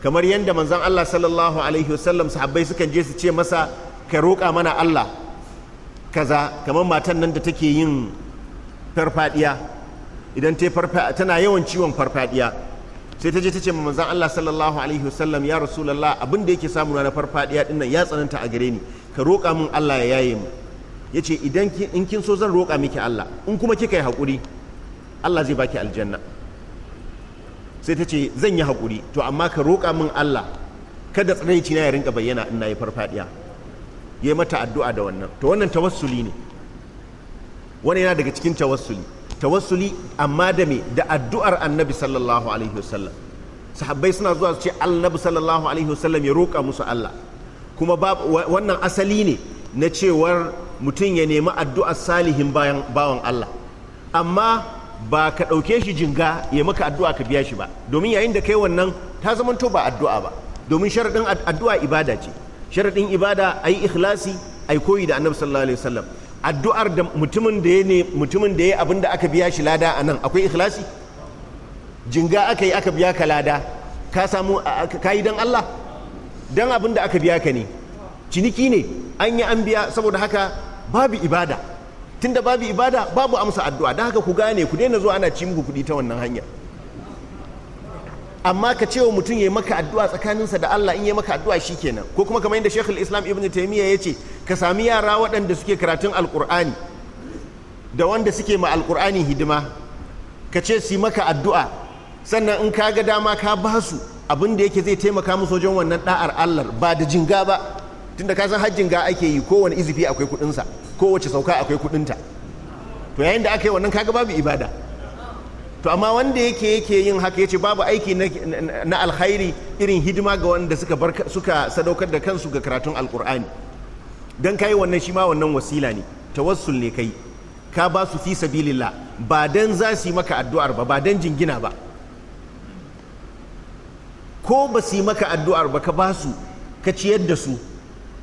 kamar yadda manzan Allah sallallahu alaihi wasallam sahabbai sukan je su ce masa ka roƙa mana Allah kaza kamar matan nan da take yin farfadiya idan ta tana yawan ciwon farfadiya sai ta je ta ce ma manzon Allah sallallahu alaihi wasallam ya rasulullah abin da yake samu na farfadiya din nan ya tsananta a gare ni ka roƙa min Allah ya yaye mu yace idan in kin so zan roƙa miki Allah in kuma kika yi haƙuri Allah zai baki aljanna sai ta ce zan yi haƙuri to amma ka roƙa min Allah kada tsananci na ya rinka bayyana in na yi farfaɗiya ya mata addu'a da wannan to wannan tawassuli ne wani yana daga cikin tawassuli tawassuli amma da me da addu'ar annabi sallallahu alaihi wasallam sahabbai suna zuwa su ce annabi sallallahu alaihi wasallam ya roƙa musu Allah kuma wannan asali ne na cewar mutum ya nemi addu'ar salihin bayan bawan Allah amma ba ka ɗauke shi jinga ya maka addu'a ka biya shi ba domin yayin da kai wannan ta zamanto ba addu'a ba domin sharaɗin addu'a ibada ce sharaɗin ibada a yi ikhlasi a yi koyi da annabi sallallahu alaihi wasallam addu'ar da mutumin da ya ne mutumin da ya abin da aka biya shi lada a nan akwai ikhlasi jinga aka yi aka biya ka lada ka samu ka yi dan Allah dan abin da aka biya ka ne ciniki ne an yi an biya saboda haka babu ibada tunda babu ibada babu amsa addu'a don haka ku gane ku daina zuwa ana ci muku kuɗi ta wannan hanya amma ka ce mutum ya yi maka addu'a tsakaninsa da Allah in ya maka addu'a shi kenan ko kuma kamar yadda Sheikh Islam Ibn Taymiyyah ya ce ka sami yara waɗanda suke karatun alkur'ani. da wanda suke ma alkur'ani hidima ka ce su maka addu'a sannan in ka ga dama ka ba su abin da yake zai taimaka musu wajen wannan da'ar Allah ba da jinga ba tunda ka san hajjin ga ake yi kowane izifi akwai kuɗinsa kowace sauka akwai kudinta to yayin da aka yi wannan kaga babu ibada to amma wanda yake yake yin haka yace babu aiki na alkhairi irin hidima ga wanda suka bar suka sadaukar da kansu ga karatun alkur'ani dan kai wannan shi ma wannan wasila ne tawassul ne kai ka ba su fi sabilillah ba dan za su yi maka addu'ar ba ba dan jingina ba ko ba su yi maka addu'ar ba ka ba su ka ciyar da su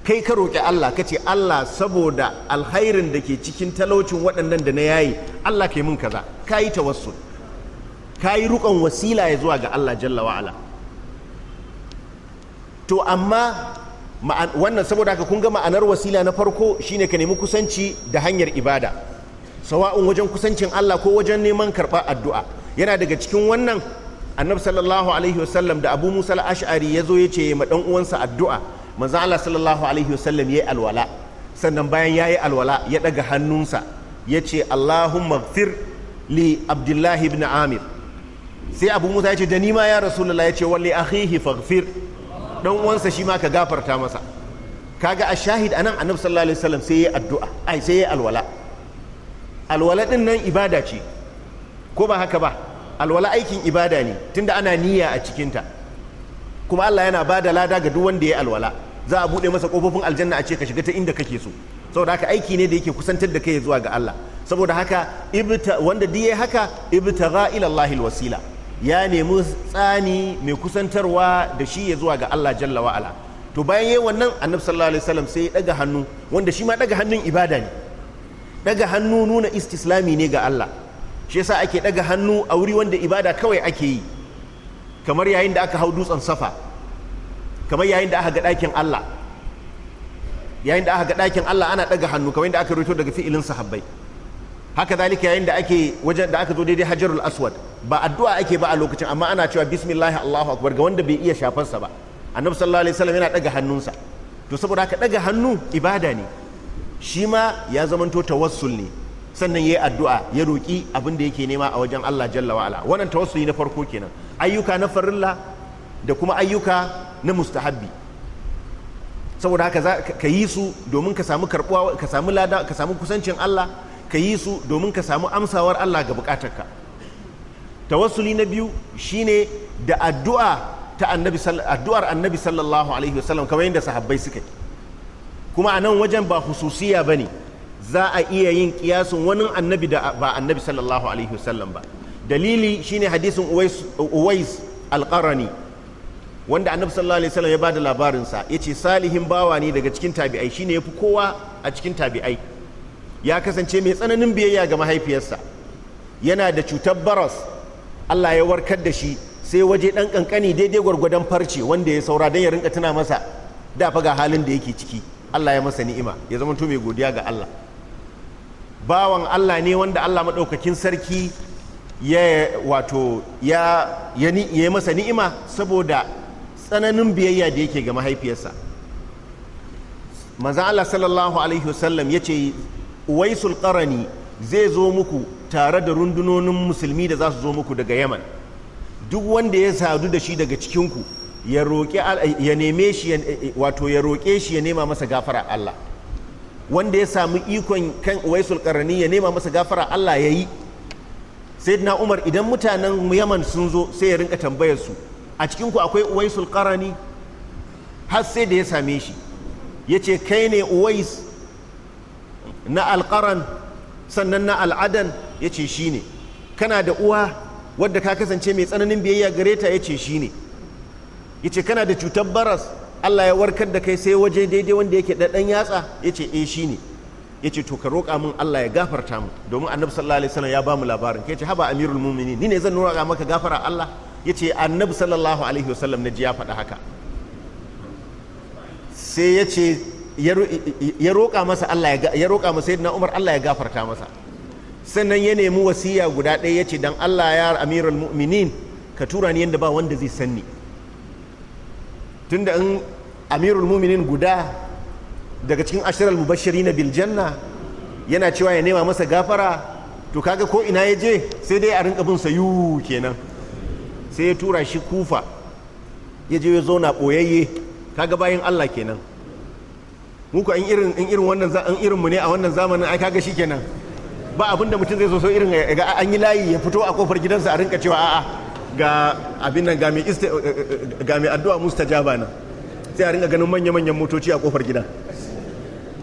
kai ka roƙi Allah ka ce Allah saboda alhairin da ke cikin talaucin waɗannan da na yayi Allah ka yi mun kaza ka yi tawassul ka yi ruƙon wasila ya zuwa ga Allah jalla wa'ala to amma wannan saboda ka kunga ma'anar wasila na farko shine ka nemi kusanci da hanyar ibada sawa'un wajen kusancin Allah ko wajen neman karɓa addu'a yana daga cikin wannan annabi sallallahu alaihi wasallam da abu musa al-ash'ari ya zo ya ce ma ɗan uwansa addu'a manzo Allah sallallahu alaihi wasallam yayi alwala sannan bayan yayi alwala ya daga hannunsa yace Allahumma ighfir li Abdullahi ibn Amir sai Abu Musa yace da ni ma ya Rasulullah yace walli akhihi faghfir dan uwansa shi ma ka gafarta masa kaga a anan annabi sallallahu alaihi wasallam sai yayi addu'a ai sai yayi alwala alwala din nan ibada ce ko ba haka ba alwala aikin ibada ne tunda ana niyya a cikinta kuma Allah yana ba da lada ga duk wanda ya alwala za a buɗe masa ƙofofin aljanna a ce ka shiga ta inda kake so saboda haka aiki ne da yake kusantar da kai zuwa ga Allah saboda haka wanda diye haka ibtagha ila Allahil wasila ya nemi tsani mai kusantarwa da shi ya zuwa ga Allah jalla wa ala to bayan yayin wannan annabi sallallahu alaihi wasallam sai ya daga hannu wanda shi ma daga hannun ibada ne daga hannu nuna istislami ne ga Allah shi yasa ake daga hannu a wuri wanda ibada kawai ake yi kamar yayin da aka hau dutsen safa kamar yayin da aka ga ɗakin Allah yayin da aka ga ɗakin Allah ana ɗaga hannu kamar yadda aka rito daga fi'ilin sahabbai haka zalika yayin da ake wajen da aka zo daidai hajarul aswad ba addu'a ake ba a lokacin amma ana cewa bismillah allahu akbar ga wanda bai iya sa ba annabi sallallahu alaihi wasallam yana ɗaga hannunsa to saboda haka ɗaga hannu ibada ne shi ma ya zamanto tawassul ne sannan ya yi addu'a ya roƙi abin da yake nema a wajen Allah jalla wannan ta wannan tawassuli na farko kenan ayyuka na farilla da kuma ayyuka na mustahabbi saboda haka ka yi su domin ka samu karbuwa ka samu lada ka samu kusancin Allah ka yi su domin ka samu amsawar Allah ga bukatarka tawassuli na biyu shine da addu'a annabi addu'ar annabi sallallahu alaihi wasallam kamar yadda sahabbai suka yi kuma a nan wajen ba hususiya bane za a iya yin kiyasin wani annabi da ba annabi sallallahu alaihi wasallam ba dalili shine hadisin uwais alqarani wanda annabi sallallahu alaihi wasallam ya bada labarin sa yace salihin bawa ne daga cikin tabi'ai shine yafi kowa a cikin tabi'ai ya kasance mai tsananin biyayya ga mahaifiyarsa yana da cutar baras Allah ya warkar da shi sai waje dan kankani daidai gwargwadon farce wanda ya saura dan ya rinka tuna masa da fa ga halin da yake ciki Allah ya masa ni'ima ya zama to mai godiya ga Allah bawan Allah ne wanda Allah maɗaukakin sarki ya wato ya yi masa ni'ima saboda tsananin biyayya da yake ga mahaifiyarsa manzan Allah sallallahu alaihi wasallam ya ce waisul qarani zai zo muku tare da rundunonin musulmi da za su zo muku daga yaman duk wanda ya sadu da shi daga cikinku ya roƙe shi wato ya roƙe shi ya nema masa gafara Allah wanda ya samu ikon kan waisul karani ya nema masa gafara Allah ya yi sayyidina umar idan mutanen yaman sun zo sai ya rinka tambayar su a cikin ku akwai uwaisul karani har sai da ya same shi ya ce kai ne uwais na alkaran sannan na al'adan ya ce shi ne kana da uwa wadda ka kasance mai tsananin biyayya gare ta ya ce shi ne ya ce kana da cutar baras Allah ya warkar da kai sai waje daidai wanda yake ɗaɗɗan yatsa ya ce eh shi ne ya ce to ka roƙa min Allah ya gafarta mu domin annabi sallallahu alaihi wasallam ya ba mu labarin kai ce haba amirul mu'minin ni ne zan roƙa maka gafara Allah ya ce annabi sallallahu alaihi wasallam na ji ya faɗa haka sai ya ce ya roƙa masa Allah ya roƙa masa sayyidina Umar Allah ya gafarta masa sannan ya nemi wasiya guda ɗaya ya ce dan Allah ya amirul mu'minin ka tura ni yanda ba wanda zai sanni tunda in amirul muminin guda daga cikin ashirar mubashiri na biljanna yana cewa ya nema masa gafara to kaga ko ina ya je sai dai a rinka bin sayu kenan sai ya tura shi kufa ya je ya zo na ɓoyayye kaga bayan allah kenan muku in irin irin wannan in irin mu ne a wannan zamanin ai kaga kenan ba abinda mutum zai zo so irin ga an yi layi ya fito a kofar gidansa a rinka cewa a'a ga abin nan eh, eh, eh, ga mai addu'a mustajaba nan sai a ringa ganin manya-manyan motoci a kofar gida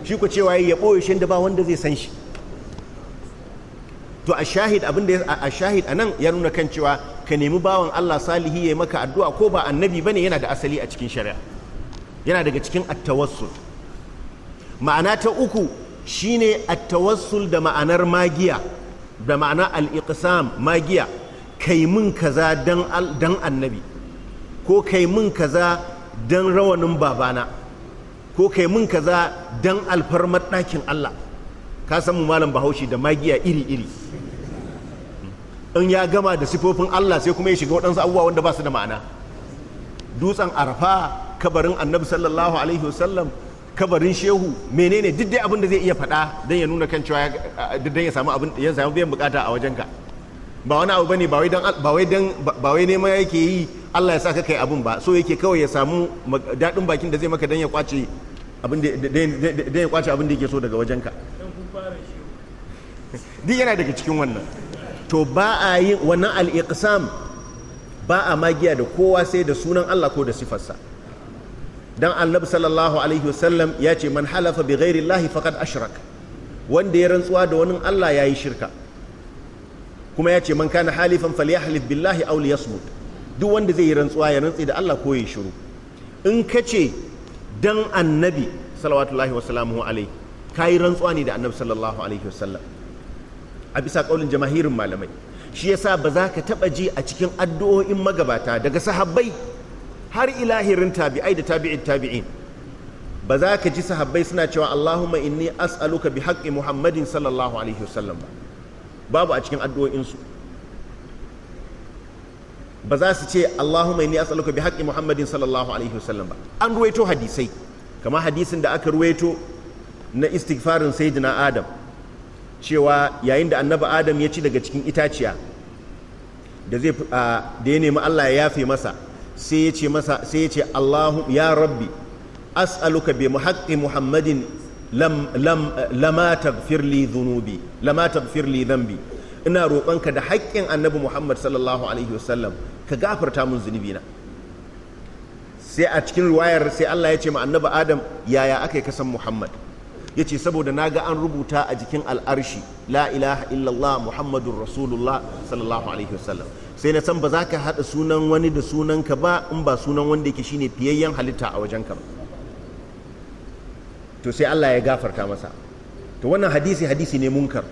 shi ku cewa ya ɓoye shi da ba wanda zai san shi to a shahid abin da a shahid a nan ya nuna kan cewa ka nemi bawan Allah salihi ya yi maka addu'a ko ba annabi ba ne yana da asali a cikin shari'a yana daga cikin attawassul ma'ana ta uku shine attawassul da ma'anar magiya da ma'ana al-iqsam magiya kai mun kaza dan annabi ko kai mun kaza dan rawanin babana ko kai mun kaza dan alfarmar ɗakin Allah ka san mu malam bahaushe da magiya iri-iri in ya gama da sifofin Allah sai kuma ya shiga waɗansu abubuwa wanda ba su da ma'ana dutsen Arafa kabarin annabi sallallahu alaihi wasallam kabarin shehu menene duk dai abin da zai iya faɗa don ya nuna kan cewa don ya samu biyan bukata a wajenka ba wani abu bane ba wai ba wai dan ba wai neman yake yi Allah ya saka kai abun ba so yake kawai ya samu daɗin bakin da zai maka dan ya kwace abin da dan ya kwace da yake so daga wajenka duk yana daga cikin wannan to ba a yi wannan al-iqsam ba a magiya da kowa sai da sunan Allah ko da sifarsa dan annabi sallallahu alaihi wasallam ya ce man halafa bi ghairi llahi faqad ashrak wanda ya rantsuwa da wani Allah ya yi shirka kuma ya ce man kana halifan falyahlif billahi aw liyasmut duk wanda zai yi rantsuwa ya rantsi da Allah ko ya shiru in ka ce dan annabi salawatullahi wa salamuhu alaihi kai rantsuwa ne da annabi sallallahu alaihi wasallam a bisa kaulin jamahirin malamai shi yasa ba za ka taba ji a cikin addu'o'in magabata daga sahabbai har ilahirin tabi'ai da tabi'in tabi'in ba za ka ji sahabbai suna cewa Allahumma inni as'aluka bi haqqi Muhammadin sallallahu alaihi wasallam ba babu a cikin addu'o'insu ba za su ce Allahumma inni as'aluka bi haqqi Muhammadin sallallahu alaihi wasallam ba an ruwaito hadisai kamar hadisin da aka ruwaito na istighfarin sayyidina Adam cewa yayin da annabi Adam ya ci daga cikin itaciya da zai da ya nemi Allah ya yafe masa sai ya ce masa sai ya ce Allahu ya rabbi as'aluka bi haqqi Muhammadin lama tagfir li dhunubi ina roƙonka da haƙƙin annabi Muhammad sallallahu alaihi wasallam ka gafarta mun zunubi na sai a cikin ruwayar sai Allah ya ce ma annabi Adam yaya aka yi kasan Muhammad ya ce saboda na ga an rubuta a jikin al'arshi la ilaha illallah muhammadun rasulullah sallallahu alaihi wasallam sai na san ba za ka haɗa sunan wani da sunanka ba in ba sunan wanda yake shine fiyayyen halitta a wajenka ba to sai Allah ya gafarta masa to wannan hadisi hadisi ne munkar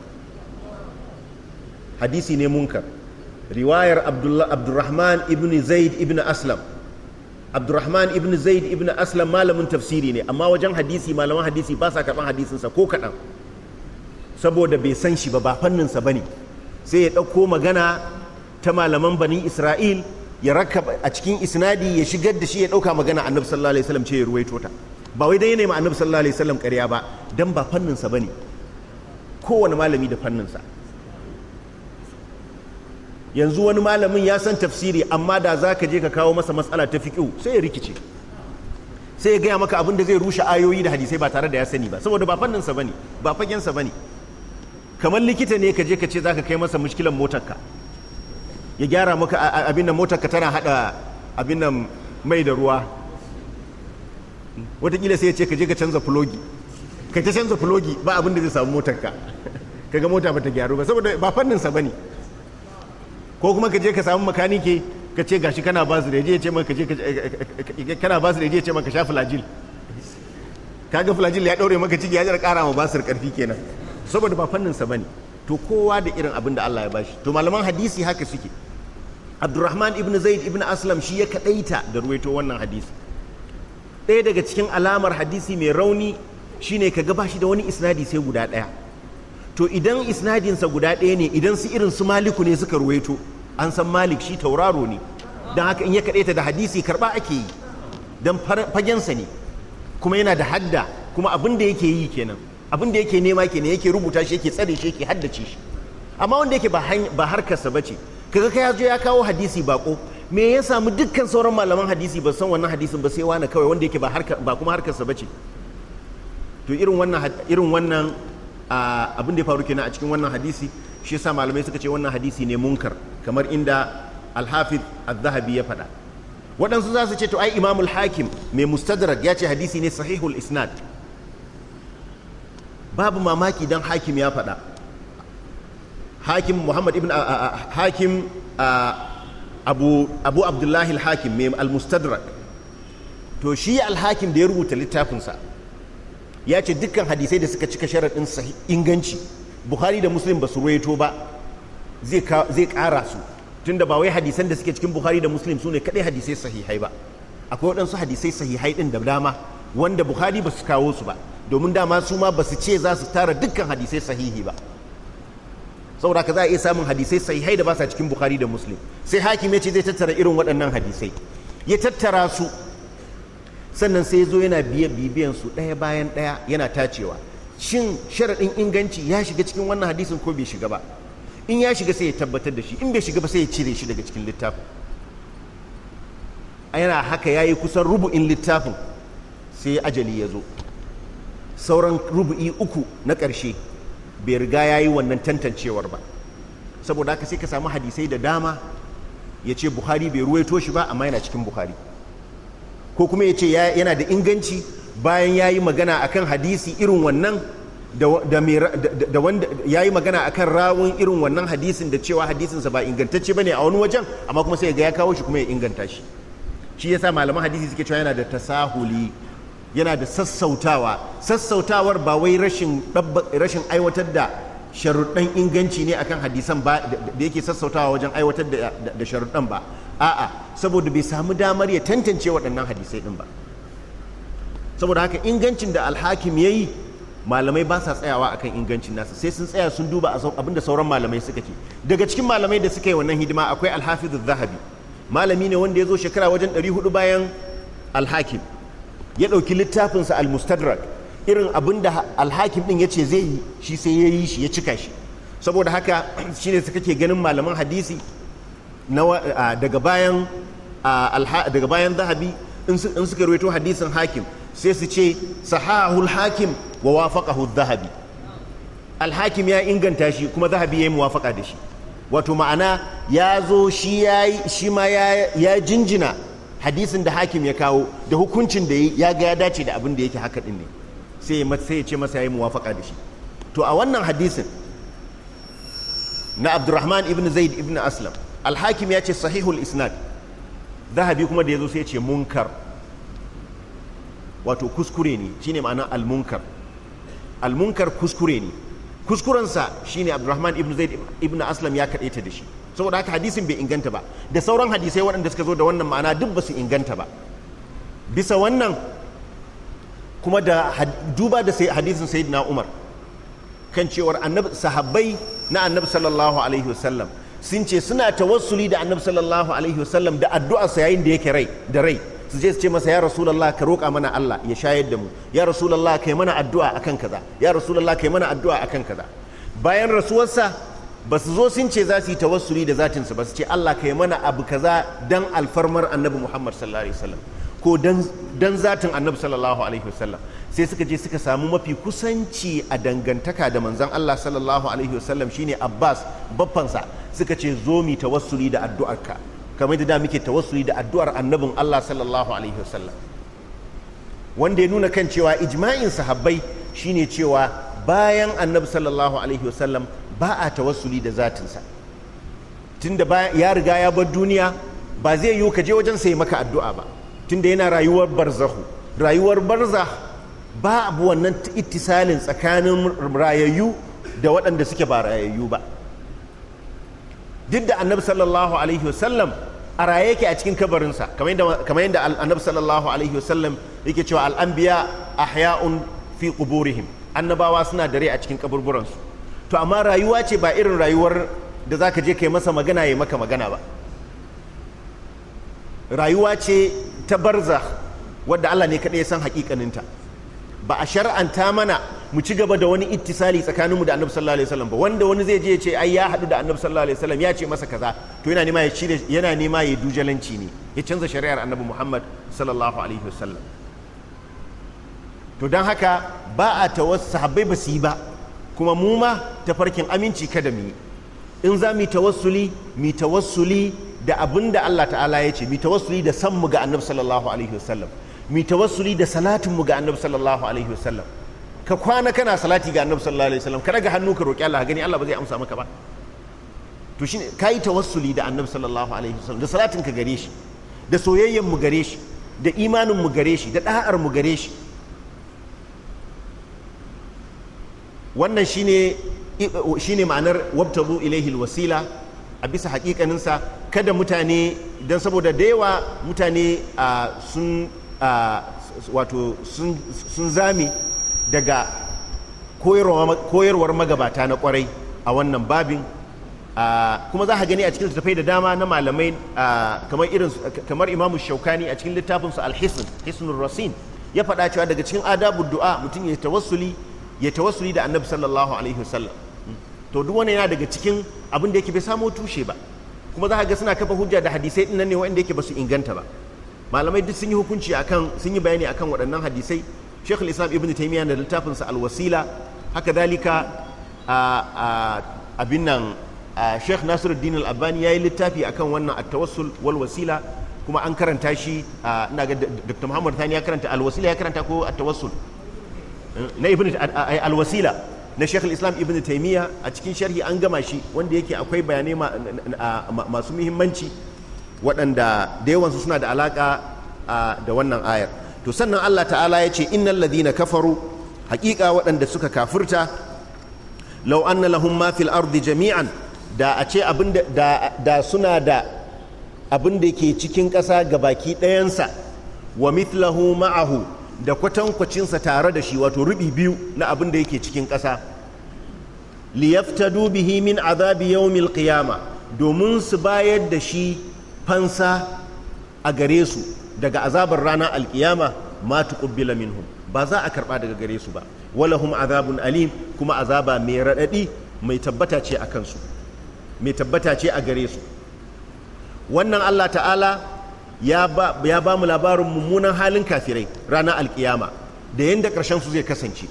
hadisi ne munkar riwayar abdurrahman ibn zaid ibn aslam abdurrahman ibn zaid ibn aslam malamin tafsiri ne amma wajen hadisi malaman hadisi ba sa karɓar hadisinsa ko kaɗan saboda bai san shi ba ba fanninsa ba ne sai ya ɗauko magana ta malaman bani isra'il ya rakka a cikin isnadi ya shigar da shi ya ɗauka magana annabi sallallahu alaihi wasallam ce ya ruwaito ta ba wai dai ne ma annabi sallallahu alaihi wasallam ƙarya ba dan ba fannin sa bane kowane malami da fannin sa yanzu wani malamin ya san tafsiri amma da za ka je ka kawo masa matsala ta fiƙo sai ya rikice sai ya gaya maka abin da zai rushe ayoyi da hadisai ba tare da ya sani ba saboda ba fanninsa bane ba fagensa bane kamar likita ne ka je ka ce za ka kai masa mushkilan motarka ya gyara maka abin nan motarka tana hada abin nan mai da ruwa watakila sai ya ce ka je ka canza fulogi ka ta canza fulogi ba abin da zai samu motar ka ga mota bata gyaru ba saboda ba fannin sa bane ko kuma ka je ka samu makanike ka ce gashi kana ba su da je ce maka je eh, eh, kana ba su da je ce maka sha flagil ga flagil ya daure maka ciki ya jar kara ma basir karfi kenan saboda ba fannin sa bane to kowa da irin abin da Allah ya bashi to malaman hadisi haka suke Abdurrahman ibn Zaid ibn Aslam shi ya kadaita da ruwaito wannan hadisi ɗaya daga cikin alamar hadisi mai rauni shine ka gaba shi da wani isnadi sai guda ɗaya to idan isnadinsa guda ɗaya ne idan su irin su maliku ne suka ruwaito an san malik shi tauraro ne don haka in ya kaɗaita da hadisi karɓa ake yi don fagensa ne kuma yana da hadda kuma abin da yake yi kenan abin da yake nema kenan yake rubuta shi yake tsare shi yake haddace shi amma wanda yake ba harkarsa ba ce kaga ka ya ya kawo hadisi bako me ya samu dukkan sauran malaman hadisi ba san wannan hadisin ba sai wani kawai wanda yake ba kuma harkarsa ba ce to irin wannan irin wannan abin da ya faru kenan a cikin wannan hadisi shi yasa malamai suka ce wannan hadisi ne munkar kamar inda al zahabi ya faɗa waɗansu za su ce to ai imamul hakim mai mustadrak ya ce hadisi ne sahihul isnad babu mamaki dan hakim ya faɗa hakim muhammad ibn hakim abu abdullahi al-hakim mai al-mustadrak to shi al-hakim da ya rubuta littafinsa ya ce dukkan hadisai da suka cika sharaɗin inganci buhari da muslim ba su roito ba zai kara su tunda ba wai hadisan da suke cikin buhari da muslim su ne kaɗai hadisai sahihai ba akwai waɗansu hadisai sahihai ɗin da dama wanda buhari ba su kawo su ba domin dama su ma ba su ce za su tara dukkan hadisai sahihi ba saboda ka za a iya samun hadisai sahihai da ba sa cikin bukhari da muslim sai hakim ya ce zai tattara irin waɗannan hadisai ya tattara su sannan sai ya zo yana bibiyan su ɗaya bayan ɗaya yana tacewa shin sharaɗin inganci ya shiga cikin wannan hadisin ko bai shiga ba in ya shiga sai ya tabbatar da shi in bai shiga ba sai ya cire shi daga cikin littafin yana haka ya yi kusan rubu'in littafin sai ajali ya zo sauran rubu'i uku na ƙarshe bai riga ya yi wannan tantancewar ba saboda haka sai ka samu hadisai da dama ya ce buhari bai ruwaito shi ba amma yana cikin buhari ko kuma ya ce yana da inganci bayan ya yi magana akan hadisi irin wannan da wanda ya yi magana akan rawun irin wannan hadisin da cewa hadisinsa ba ingantacce ba ne a wani wajen amma kuma sai ga ya kawo shi kuma ya inganta shi shi ya sa malaman hadisi suke cewa yana da tasahuli yana da sassautawa sassautawar ba wai rashin rashin aiwatar da sharuɗan inganci ne akan hadisan ba da yake sassautawa wajen aiwatar da sharuɗan ba a'a saboda bai samu damar ya tantance waɗannan hadisai ɗin ba saboda haka ingancin da alhakim ya yi malamai ba sa tsayawa akan ingancin nasa sai sun tsaya sun duba abinda sauran malamai suka ke daga cikin malamai da suka yi wannan hidima akwai alhafiz zahabi malami ne wanda ya zo shekara wajen 400 bayan alhakim ya ɗauki littafinsa al-mustadrak irin abin da alhakim ɗin ya ce zai yi shi sai ya yi shi ya cika shi saboda haka shi ne suka ke ganin malaman hadisi daga bayan daga bayan zahabi in suka rawaito hadisin hakim sai su ce sahahul hakim wa wafaqahu zahabi alhakim ya inganta shi kuma zahabi ya yi muwafaqa da shi wato ma'ana ya zo shi ma ya jinjina hadisin da hakim ya kawo da hukuncin da ya ga ya dace da abin da yake haka din ne sai ya ce masa yayi muwafaka da shi to a wannan hadisin na Abdurrahman ibn Zaid ibn Aslam al ya ce sahihul isnad zahabi kuma da ya zo sai ya ce munkar wato kuskure ne shine ma'ana al-munkar kuskure ne kuskurensa shine Abdurrahman ibn Zaid ibn Aslam ya kaɗe ta da shi saboda haka hadisin bai inganta ba da sauran hadisai waɗanda suka zo da wannan ma'ana duk ba su inganta ba bisa wannan kuma da duba da hadisin na umar kan cewar sahabbai na annabi sallallahu alaihi wasallam sun ce suna tawassuli da annabi sallallahu alaihi wasallam da addu'arsa yayin da yake rai da rai su je su ce masa ya rasulullah ka roƙa mana Allah ya shayar da mu ya rasulullah kai mana addu'a akan kaza ya rasulullah kai mana addu'a akan kaza bayan rasuwarsa ba su zo sun ce za su yi tawassuli da zatinsa ba su ce Allah ka yi mana abu kaza dan alfarmar annabi Muhammad sallallahu alaihi wasallam ko dan zatin annabi sallallahu alaihi wasallam sai suka je suka samu mafi kusanci a dangantaka da manzon Allah sallallahu alaihi wasallam shine Abbas baffansa suka ce zo mi tawassuli da addu'arka kamar da muke tawassuli da addu'ar annabin Allah sallallahu alaihi wasallam wanda ya nuna kan cewa ijma'in sahabbai shine cewa bayan annabi sallallahu alaihi wasallam ba a tawassuli da zatinsa tunda ya riga ya bar duniya ba zai yiwu kaje wajen sai maka addu'a ba tunda yana rayuwar barzahu rayuwar barzah ba abu wannan ittisalin tsakanin rayayyu da waɗanda suke ba rayayyu ba duk da annabi sallallahu alaihi wasallam a raye yake a cikin kabarinsa kamar yadda annabi sallallahu alaihi wasallam yake cewa al'anbiya ahya'un fi quburihim annabawa suna dare a cikin kaburburansu to amma rayuwa ce ba irin rayuwar da za ka je kai masa magana ya maka magana ba rayuwa ce ta barza wadda Allah ne kaɗai ya san haƙiƙaninta ba a shar'anta mana mu ci gaba da wani ittisali tsakaninmu da annabi sallallahu alaihi wasallam ba wanda wani zai je ya ce ai ya haɗu da annabi sallallahu alaihi wasallam ya ce masa kaza to yana nema ya ci yana nema ya dujalanci ne ya canza shari'ar annabi Muhammad sallallahu alaihi wasallam to don haka ba a ta tawassu sahabbai ba su yi ba kuma mu ma tafarkin aminci kada mu yi in za mu tawassuli mu tawassuli da abin da Allah ta'ala ya ce mu tawassuli da san mu ga annabi sallallahu alaihi wasallam mu tawassuli da salatin mu ga annabi sallallahu alaihi wasallam ka kwana kana salati ga annabi sallallahu alaihi wasallam ka daga hannu ka roki Allah gani Allah ba zai amsa maka ba to shine kai tawassuli da annabi sallallahu alaihi wasallam da salatin ka gare shi da soyayyen mu gare shi da imanin mu gare shi da da'ar mu gare shi wannan shine ma'anar wabtabu ilaihi wasila a bisa hakikaninsa kada mutane don saboda da yawa mutane sun zame daga koyarwar magabata na kwarai a wannan babin kuma za ka gani a cikin littattafai da dama na malamai kamar imamu shaukani a cikin littafinsa alhisn hisnul rasin ya faɗa cewa daga cikin adabu du'a mutum ya tawassuli ya tawassuli da annabi sallallahu alaihi wasallam to duk wani yana daga cikin abin da yake bai samo tushe ba kuma za ka ga suna kafa hujja da hadisai din nan ne wanda yake ba su inganta ba malamai duk sun yi hukunci akan sun yi bayani akan waɗannan hadisai Sheikh Islam Ibn Taymiyyah da littafin sa Al-Wasila haka dalika a abin nan Sheikh Nasiruddin Al-Albani yayi littafi akan wannan at-tawassul wal wasila kuma an karanta shi ina ga Dr. Muhammad Thani ya karanta Al-Wasila ya karanta ko at-tawassul na ibn al-wasila na shekul islam ibn taimiyya a cikin sharhi an gama shi wanda yake akwai bayanai masu muhimmanci waɗanda da yawansu suna da alaƙa da wannan ayar to sannan allah ta'ala ya ce innal ladina kafaru haƙiƙa waɗanda suka kafurta lau anna lahum ma fil ardi jami'an da a ce abin da suna da abin da ke cikin ƙasa ga baki ɗayansa wa mithlahu ma'ahu da kwatankwacinsa tare da shi wato rubi biyu na abin da yake cikin ƙasa Liyafta bihi min azabi yawmil qiyama domin su bayar da shi fansa a gare su daga azabar ranar alkiyama ma tuqbila minhum ba za a karɓa daga gare su ba walahum azabun alim kuma azaba mai raɗaɗi mai tabbata ce a kansu mai tabbata ce a gare su wannan Allah ta'ala ya ba mu labarin mummunan halin kafirai ranar alkiyama da yadda ƙarshen su zai kasance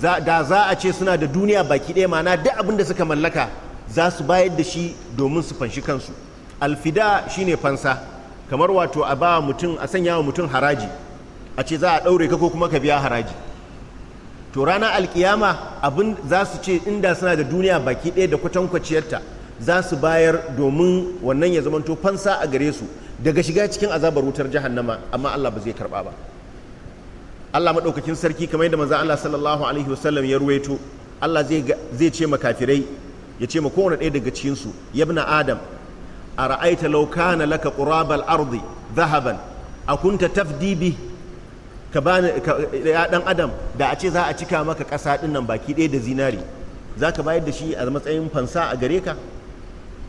da za a ce suna da duniya baki ɗaya mana duk abin da suka mallaka za su bayar da shi domin su fanshi kansu alfida shine fansa kamar wato a ba mutum a sanya wa mutum haraji a ce za a ɗaure ka ko kuma ka biya haraji to ranar alkiyama abin za su ce inda suna da duniya baki ɗaya da kwatankwaciyarta za su bayar domin wannan ya zamanto fansa a gare su daga shiga cikin azabar wutar jahannama amma Allah ba zai karba ba Allah maɗaukakin sarki kamar yadda manzo Allah sallallahu alaihi wasallam ya ruwaito Allah zai ce ma kafirai ya ce ma kowane ɗaya daga cikin su yabna adam a ra'aita law kana laka qurabal ardi dhahaban akunta tafdi bi ka bani ya dan adam da a ce za a cika maka ƙasa ɗinnan baki ɗaya da zinari za ka bayar da shi a matsayin fansa a gare ka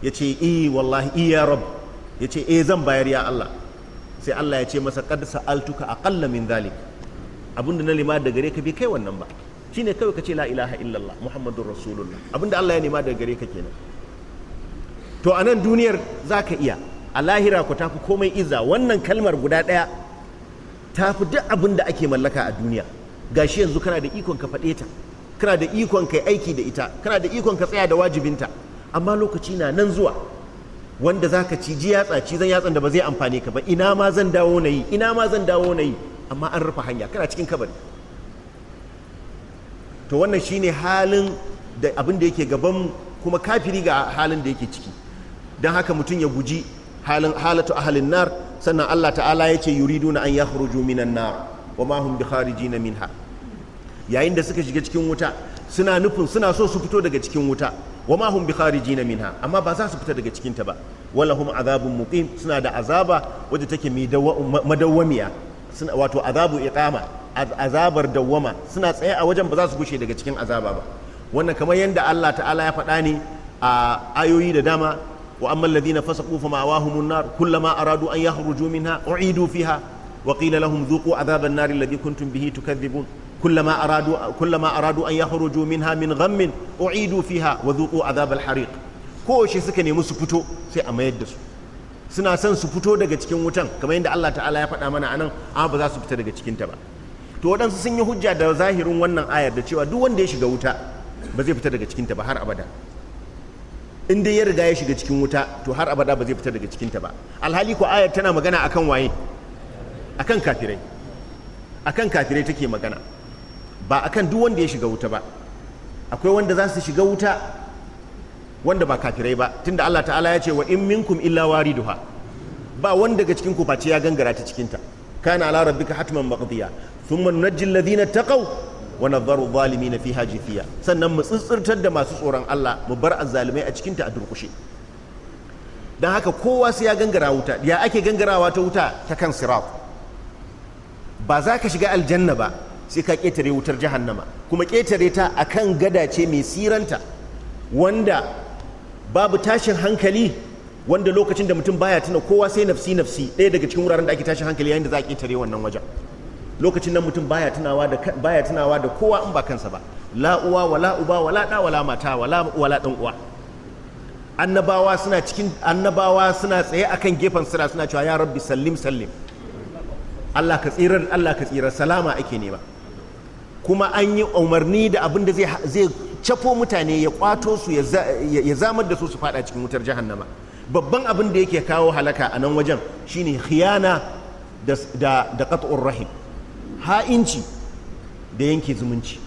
ya ce eh wallahi iya eh, rab ya ce eh zan bayar ya Allah sai Allah ya ce masa kad sa'altuka aqalla min dhalik abinda na lima da gare ka bai kai wannan ba shine kawai ka ce la ilaha illallah muhammadur rasulullah abinda Allah ya nema da gare ka kenan to a nan duniyar zaka iya a lahira ku tafi komai iza wannan kalmar guda daya ta fi duk abin ake mallaka a duniya gashi yanzu kana da ikon ka faɗe ta kana da ikon ka aiki da ita kana da ikon ka tsaya da wajibinta amma lokaci na nan zuwa wanda za ka ciji yatsa zan yatsan da ba zai amfane ka ba ina ma zan dawo na yi ina ma zan dawo na yi amma an rufe hanya kana cikin kabari to wannan shine halin da abin da yake gaban kuma kafiri ga halin da yake ciki don haka mutum ya guji halin halatu ahalin nar sannan Allah ta'ala ya ce yuriduna an yakhruju minan nar wa ma hum bikharijina minha yayin da suka shiga cikin wuta suna nufin suna so su fito daga cikin wuta wa ma hum na minha amma ba za su fita daga cikin ta ba walahum azabun muqim suna da azaba wadda take madawwamiya wato azabu iqama azabar dawwama suna tsaye a wajen ba za su gushe daga cikin azaba ba wannan kamar yadda Allah ta'ala ya faɗa ne a ayoyi da dama wa amma alladhina fasaqu fa ma'awahumun nar kullama aradu an yakhruju minha u'idu fiha wa qila lahum dhuqu adhaban nar alladhi kuntum bihi tukadhibun كلما أرادوا, كلما أرادوا أن يخرجوا منها من غم أعيدوا فيها وذوقوا عذاب الحريق كوشي سكني مسفتو سي أما يدسو suna son su fito daga cikin wutan kamar yadda Allah ta'ala ya faɗa mana anan amma ba za su fita daga cikin ta ba to waɗansu sun yi hujja da zahirin wannan ayar da cewa duk wanda ya shiga wuta ba zai fita daga cikin ta ba har abada in dai ya riga ya shiga cikin wuta to har abada ba zai fita daga cikin ta ba alhali ko ayar tana magana akan waye akan kafirai akan kafirai take magana ba akan duk wanda ya shiga wuta ba akwai wanda za su shiga wuta wanda ba kafirai ba tunda Allah ta'ala ya ce wa in minkum illa wariduha ba wanda daga cikin ku face ya gangara ta cikin ta kana ala rabbika hatman maqdiya thumma nunajjil ladina taqaw wa nadharu zalimin fiha jifiya sannan mu tsitsirtar da masu tsoron Allah mu bar azzalimai a cikinta a durkushe dan haka kowa sai ya gangara wuta ya ake gangarawa ta wuta ta kan sirat ba za ka shiga aljanna ba sai ka ƙetare wutar jahannama kuma ƙetare ta akan gada ce mai siranta wanda babu tashin hankali wanda lokacin da mutum baya tuna kowa sai nafsi nafsi ɗaya daga cikin wuraren da ake tashin hankali yayin da za a ƙetare wannan wajen lokacin nan mutum baya tunawa da baya tunawa da kowa in ba kansa ba la uwa wala uba wala da wala mata wala wala dan uwa annabawa suna cikin annabawa suna tsaye akan gefen sira suna cewa ya rabbi sallim sallim Allah ka tsirar Allah ka tsirar salama ake nema kuma an yi umarni da abin da zai cafo mutane ya kwato su ya zamar da su su fada cikin wutar jahannama babban abin da yake kawo halaka a nan wajen shine khiyana da qat'ur rahim ha'inci da yanke zumunci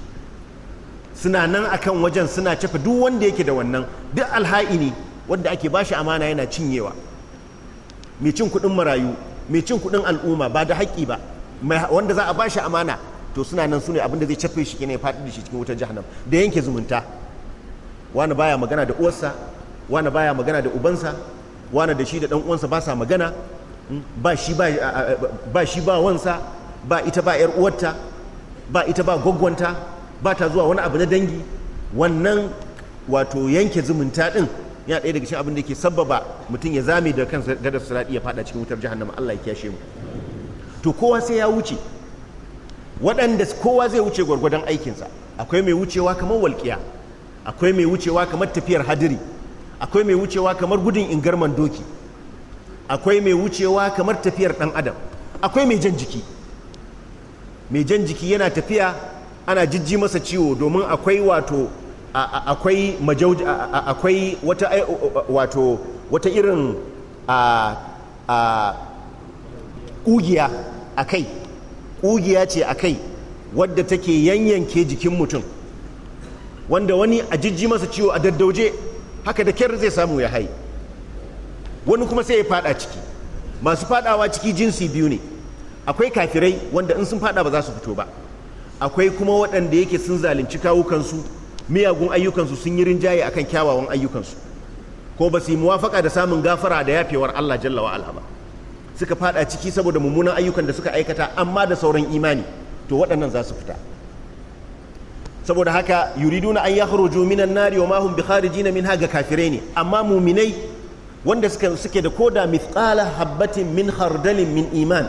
suna nan akan wajen suna cafa duk wanda yake da wannan duk alha'ini wanda ake bashi amana yana cinyewa mai cin kuɗin marayu mai cin kuɗin al'umma ba da haƙƙi ba wanda za a bashi amana to suna nan su ne abin da zai cafe shi kenan ya faɗi da shi cikin wutar jahannam da yanke zumunta wani baya magana da uwarsa wani baya magana da ubansa wani da shi da dan uwansa ba sa magana hmm, ba shi ba ba shi ba wansa ba ita ba yar uwarta ba ita ba gwaggwanta ba ta zuwa wani abu na dangi wannan wato yanke zumunta din yana ɗaya daga cikin abin da ke sababa mutum ya zame da kansa gadar salati ya faɗa cikin wutar jahannama Allah ya kiyashe mu to kowa sai ya wuce waɗanda kowa zai wuce gwargwadon aikinsa akwai mai wucewa kamar walƙiya akwai mai wucewa kamar tafiyar hadiri akwai mai wucewa kamar gudun ingarman doki akwai mai wucewa kamar tafiyar ɗan adam akwai mai jan jiki mai jan jiki yana tafiya ana jijji masa ciwo domin akwai wato akwai majauji akwai wata wato wata irin a ƙugiya a kai ƙugiya ce a kai wadda take yanyanke jikin mutum wanda wani a jijji masa ciwo a daddauje haka da kyar zai samu ya hai wani kuma sai ya fada ciki masu fadawa ciki jinsi biyu ne akwai kafirai wanda in sun fada ba za su fito ba akwai kuma waɗanda yake sun zalunci kawukansu miyagun ayyukansu sun yi rinjaye akan kyawawan ayyukansu ko ba su yi muwafaka da samun gafara da yafewar Allah jalla wa ba suka fada ciki saboda mummunan ayyukan da suka aikata amma da sauran imani to waɗannan za su fita saboda haka yuriduna an yakhruju minan nari wa ma hum bikharijina minha ga kafirai ne amma muminai wanda suka suke da koda mithqala habbatin min khardalin min iman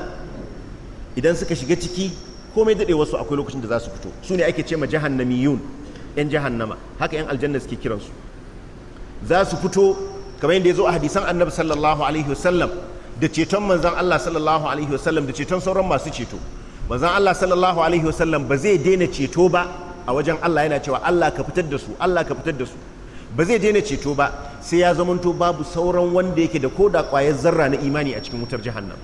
idan suka shiga ciki komai dade wasu akwai lokacin da za su fito su ne ake ce ma jahannamiyun yan jahannama haka yan aljanna suke kiransu za su fito kamar yadda ya zo a hadisan annabi sallallahu alaihi wasallam da ceton manzan Allah sallallahu alaihi wasallam da ceton sauran masu ceto manzon Allah sallallahu alaihi wasallam ba zai daina ceto ba a wajen Allah yana cewa Allah ka fitar da su Allah ka fitar da su ba zai daina ceto ba sai ya zamanto babu sauran wanda yake da koda kwayar zarra na imani a cikin wutar jahannam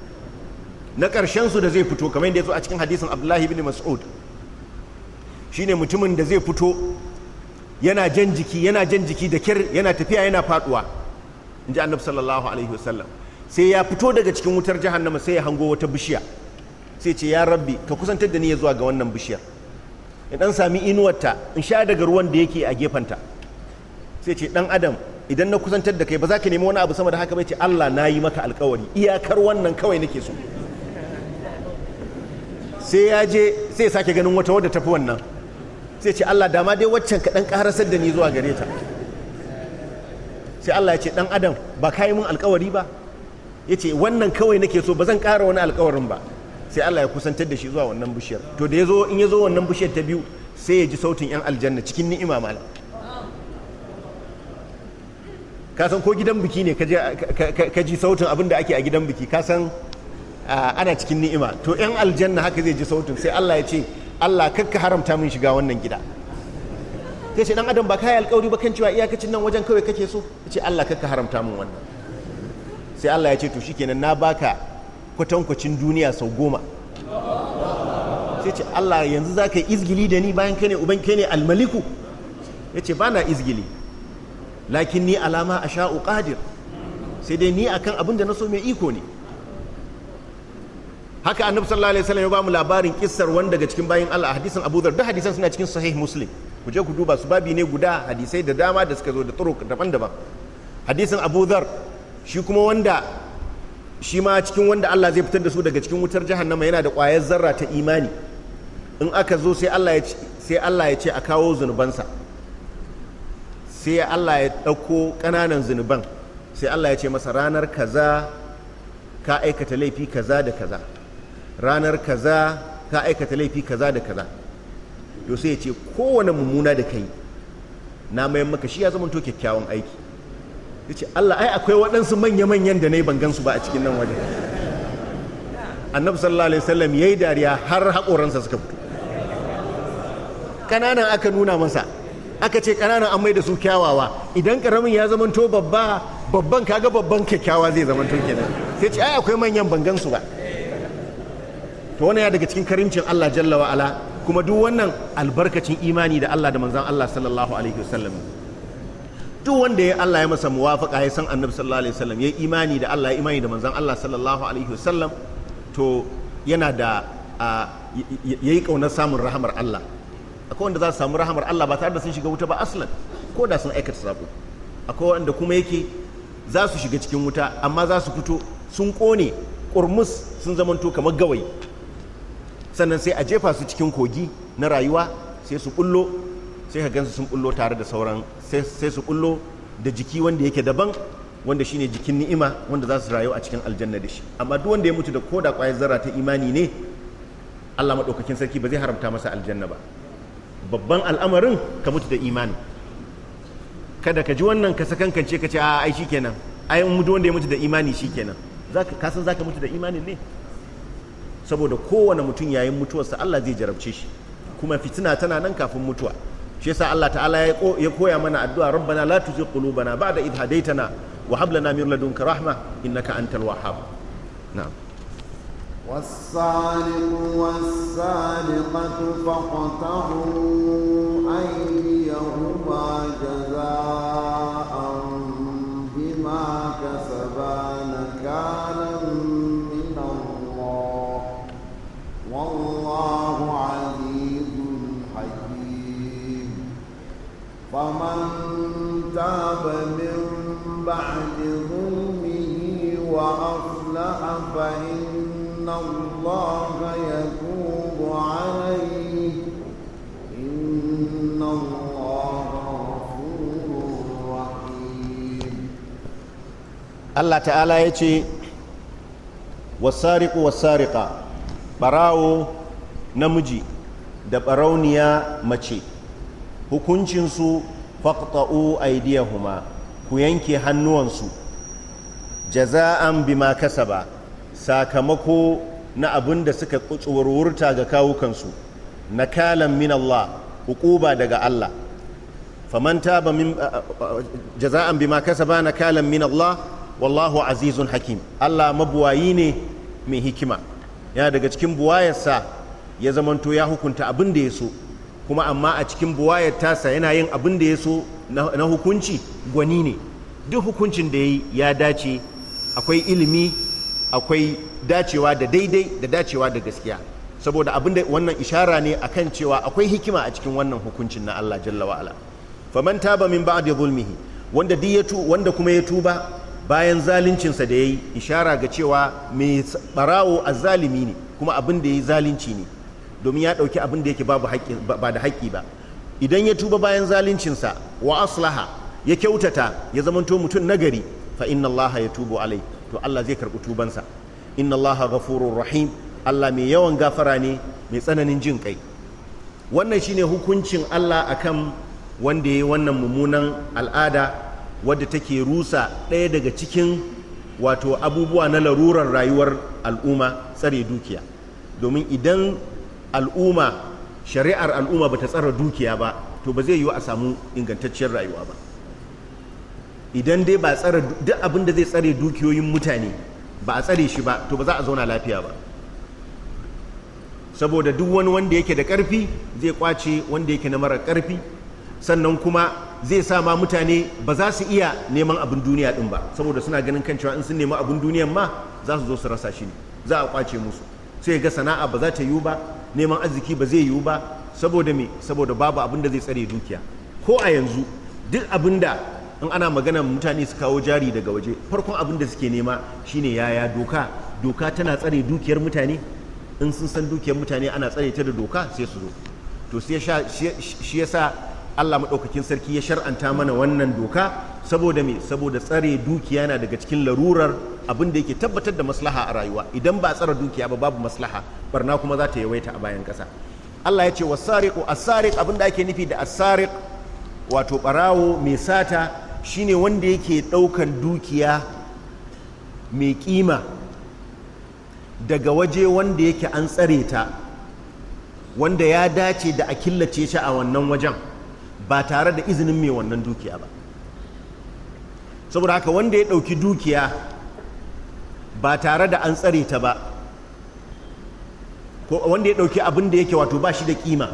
na ƙarshen su da zai fito kamar yadda ya zo a cikin hadisin Abdullahi ibn Mas'ud shine mutumin da zai fito yana jan jiki yana jan jiki da kyar yana tafiya yana faduwa inji annabi sallallahu alaihi wasallam sai ya fito daga cikin wutar jahannama sai ya hango wata bishiya sai ce ya rabbi ka kusantar da ni ya zuwa ga wannan bishiyar in dan sami inuwarta in sha daga ruwan da yake a gefanta sai ce dan adam idan na kusantar da kai ba za ka nemi wani abu sama da haka bai ce Allah na yi maka alkawari iyakar wannan kawai nake so sai ya je sai sake ganin wata wadda tafi wannan sai ce Allah dama dai waccan ka dan karasar da ni zuwa gare ta sai Allah ya ce dan adam ba ka yi mun alkawari ba ya ce wannan kawai nake so ba zan ƙara wani alkawarin ba sai Allah ya kusantar da shi zuwa wannan bishiyar to da ya zo in ya zo wannan bishiyar ta biyu sai ya ji sautin yan aljanna cikin ni'ima mala ka san ko gidan biki ne ka ji sautin abin da ake a gidan biki ka san ana cikin ni'ima to yan aljanna haka zai ji sautin sai Allah ya ce Allah kakka haramta min shiga wannan gida sai ce dan adam ba kai alƙawari ba kan cewa iyakacin nan wajen kawai kake so ya ce Allah kakka haramta min wannan sai Allah ya ce to shikenan na baka kwatankwacin duniya sau goma sai ce Allah yanzu za ka yi izgili da ni bayan kai ne uban kai ne almaliku ya ce ba na izgili lakin ni alama a sha'u kadir sai dai ni akan abin da na so mai iko ne haka annabi sallallahu alaihi wasallam ya ba mu labarin kissar wanda daga cikin bayin Allah hadisin Abu Dharr duk hadisan suna cikin sahih Muslim ku je ku duba su babi ne guda hadisai da dama da suka zo da turuk daban-daban hadisin Abu Dharr shi kuma wanda shi ma cikin wanda Allah zai fitar da su daga cikin wutar jahannama yana da ƙwayar zarra ta imani in aka zo sai Allah ya ce a kawo zunubansa sai Allah ya ɗauko ƙananan zunuban sai Allah ya ce masa ranar kaza ka aikata laifi kaza da kaza ranar kaza ka aikata laifi kaza da kaza to sai ya ce kowane mummuna da kai na mayan maka shi ya zama to kyakkyawan aiki ya ce Allah ai akwai waɗansu manya-manyan da na yi bangansu ba a cikin nan waje. annabi sallallahu alaihi wasallam ya yi dariya har haƙoransa suka fito ƙananan aka nuna masa aka ce ƙananan an mai da su kyawawa idan ƙaramin ya zamanto babba babban kaga babban kyakkyawa zai to kenan sai ce ai akwai manyan bangansu ba to wannan ya daga cikin karincin Allah jalla wa'ala kuma duk wannan albarkacin imani da Allah da manzon Allah sallallahu alaihi wasallam duk wanda ya Allah ya masa muwafaqa ya san annabi sallallahu alaihi wasallam ya imani da Allah ya imani da manzon Allah sallallahu alaihi wasallam to yana da yayi kaunar samun rahamar Allah akwai wanda za su samu rahamar Allah ba tare da sun shiga wuta ba aslan ko da sun aikata sabo akwai wanda kuma yake za su shiga cikin wuta amma za su fito sun kone kurmus sun zamanto kamar gawayi sannan sai a jefa su cikin kogi na rayuwa sai su bullo sai ka gansu sun bullo tare da sauran sai su bullo da jiki wanda yake daban wanda shine jikin ni'ima wanda za su rayu a cikin aljanna da shi amma duk wanda ya mutu da koda kwayar zarra ta imani ne Allah madaukakin sarki ba zai haramta masa aljanna ba babban al'amarin ka mutu da imani kada ka ji wannan ka sakankance ka ce a ai shikenan ai mu wanda ya mutu da imani shikenan zaka ka san zaka mutu da imani ne saboda kowane mutum yayin mutuwarsa Allah zai jarabce shi kuma fitina tana nan kafin mutuwa shi yasa Allah ta'ala ya koya mana addu'a rabbana la tuzigh qulubana ba'da idh hadaytana wa hab lana min ladunka rahma innaka antal wahhab na'am والسارق والسارقة فاقطعوا أيديهما جزاءً خاب من بعد ظلمه وأصلح فإن الله يتوب عليه إن الله غفور رحيم الله تعالى يتي والسارق والسارقة براو نمجي da ɓarauniya mace hukuncinsu faqta'u huma ku yanke hannuwansu jaza'an bima ba sakamako na abin da suka tsuwurwurta ga kawukansu nakalan min Allah hukuba daga Allah faman taba min jaza'an bima na nakalan min Allah wallahu azizun hakim Allah mabuwayi ne mai hikima yana daga cikin buwayarsa ya zamanto ya hukunta abin da ya so kuma amma a cikin buwayar tasa yana yin abin da ya so na hukunci gwani ne duk hukuncin da ya yi ya dace akwai ilimi akwai dacewa da daidai da dacewa da gaskiya saboda abin da wannan ishara ne akan cewa akwai hikima a cikin wannan hukuncin na Allah jalla wa ala faman taba min ya zulmihi wanda ya tu wanda kuma ya tuba bayan zaluncinsa da yayi ishara ga cewa mai barawo azzalimi ne kuma abin da yayi zalunci ne domin ya ɗauki abin da yake babu ba da haƙƙi ba idan ya tuba bayan zaluncinsa wa aslaha ya kyautata ya zamanto mutum nagari fa inna allaha ya tubu alai to allah zai karɓi tubansa inna allaha ghafurur rahim allah mai yawan gafara ne mai tsananin jin kai wannan shine hukuncin allah akan wanda ya yi wannan mummunan al'ada wadda take rusa ɗaya daga cikin wato abubuwa na larurar rayuwar al'umma tsare dukiya domin idan al'umma shari'ar al'umma ba ta tsara dukiya ba to ba zai yiwu a samu ingantacciyar rayuwa ba idan dai ba tsara duk abin da zai tsare dukiyoyin mutane ba a tsare shi ba to ba za a zauna lafiya ba saboda duk wani wanda yake da ƙarfi zai kwace wanda yake na mara ƙarfi sannan kuma zai sa ma mutane ba za su iya neman abin duniya din ba saboda suna ganin kan cewa in sun nemi abin duniyan ma za su zo su rasa shi ne za a kwace musu sai ga sana'a ba za ta yiwu ba neman arziki ba zai yiwu ba saboda me saboda babu abin da zai tsare dukiya ko a yanzu duk abin da in ana magana mutane su kawo jari daga waje farkon abin da suke nema shine yaya doka doka tana tsare dukiyar mutane in sun san dukiyar mutane ana tsare ta da doka sai su zo to sai shi yasa Allah maɗaukakin sarki ya shar'anta mana wannan doka saboda me saboda tsare dukiya na daga cikin larurar abin da yake tabbatar da maslaha a rayuwa idan ba a tsara dukiya ba babu maslaha barna kuma za ta yawaita a bayan ƙasa Allah ya ce wa wa sariq abin da ake nufi da sariq wato barawo mai sata shine wanda yake ɗaukan dukiya mai kima daga waje wanda yake an tsare ta wanda ya dace da a killace shi a wannan wajen ba tare da izinin mai wannan dukiya ba saboda haka wanda ya ɗauki dukiya ba tare da an tsare ta ba ko wanda ya ɗauki abin da yake wato ba da kima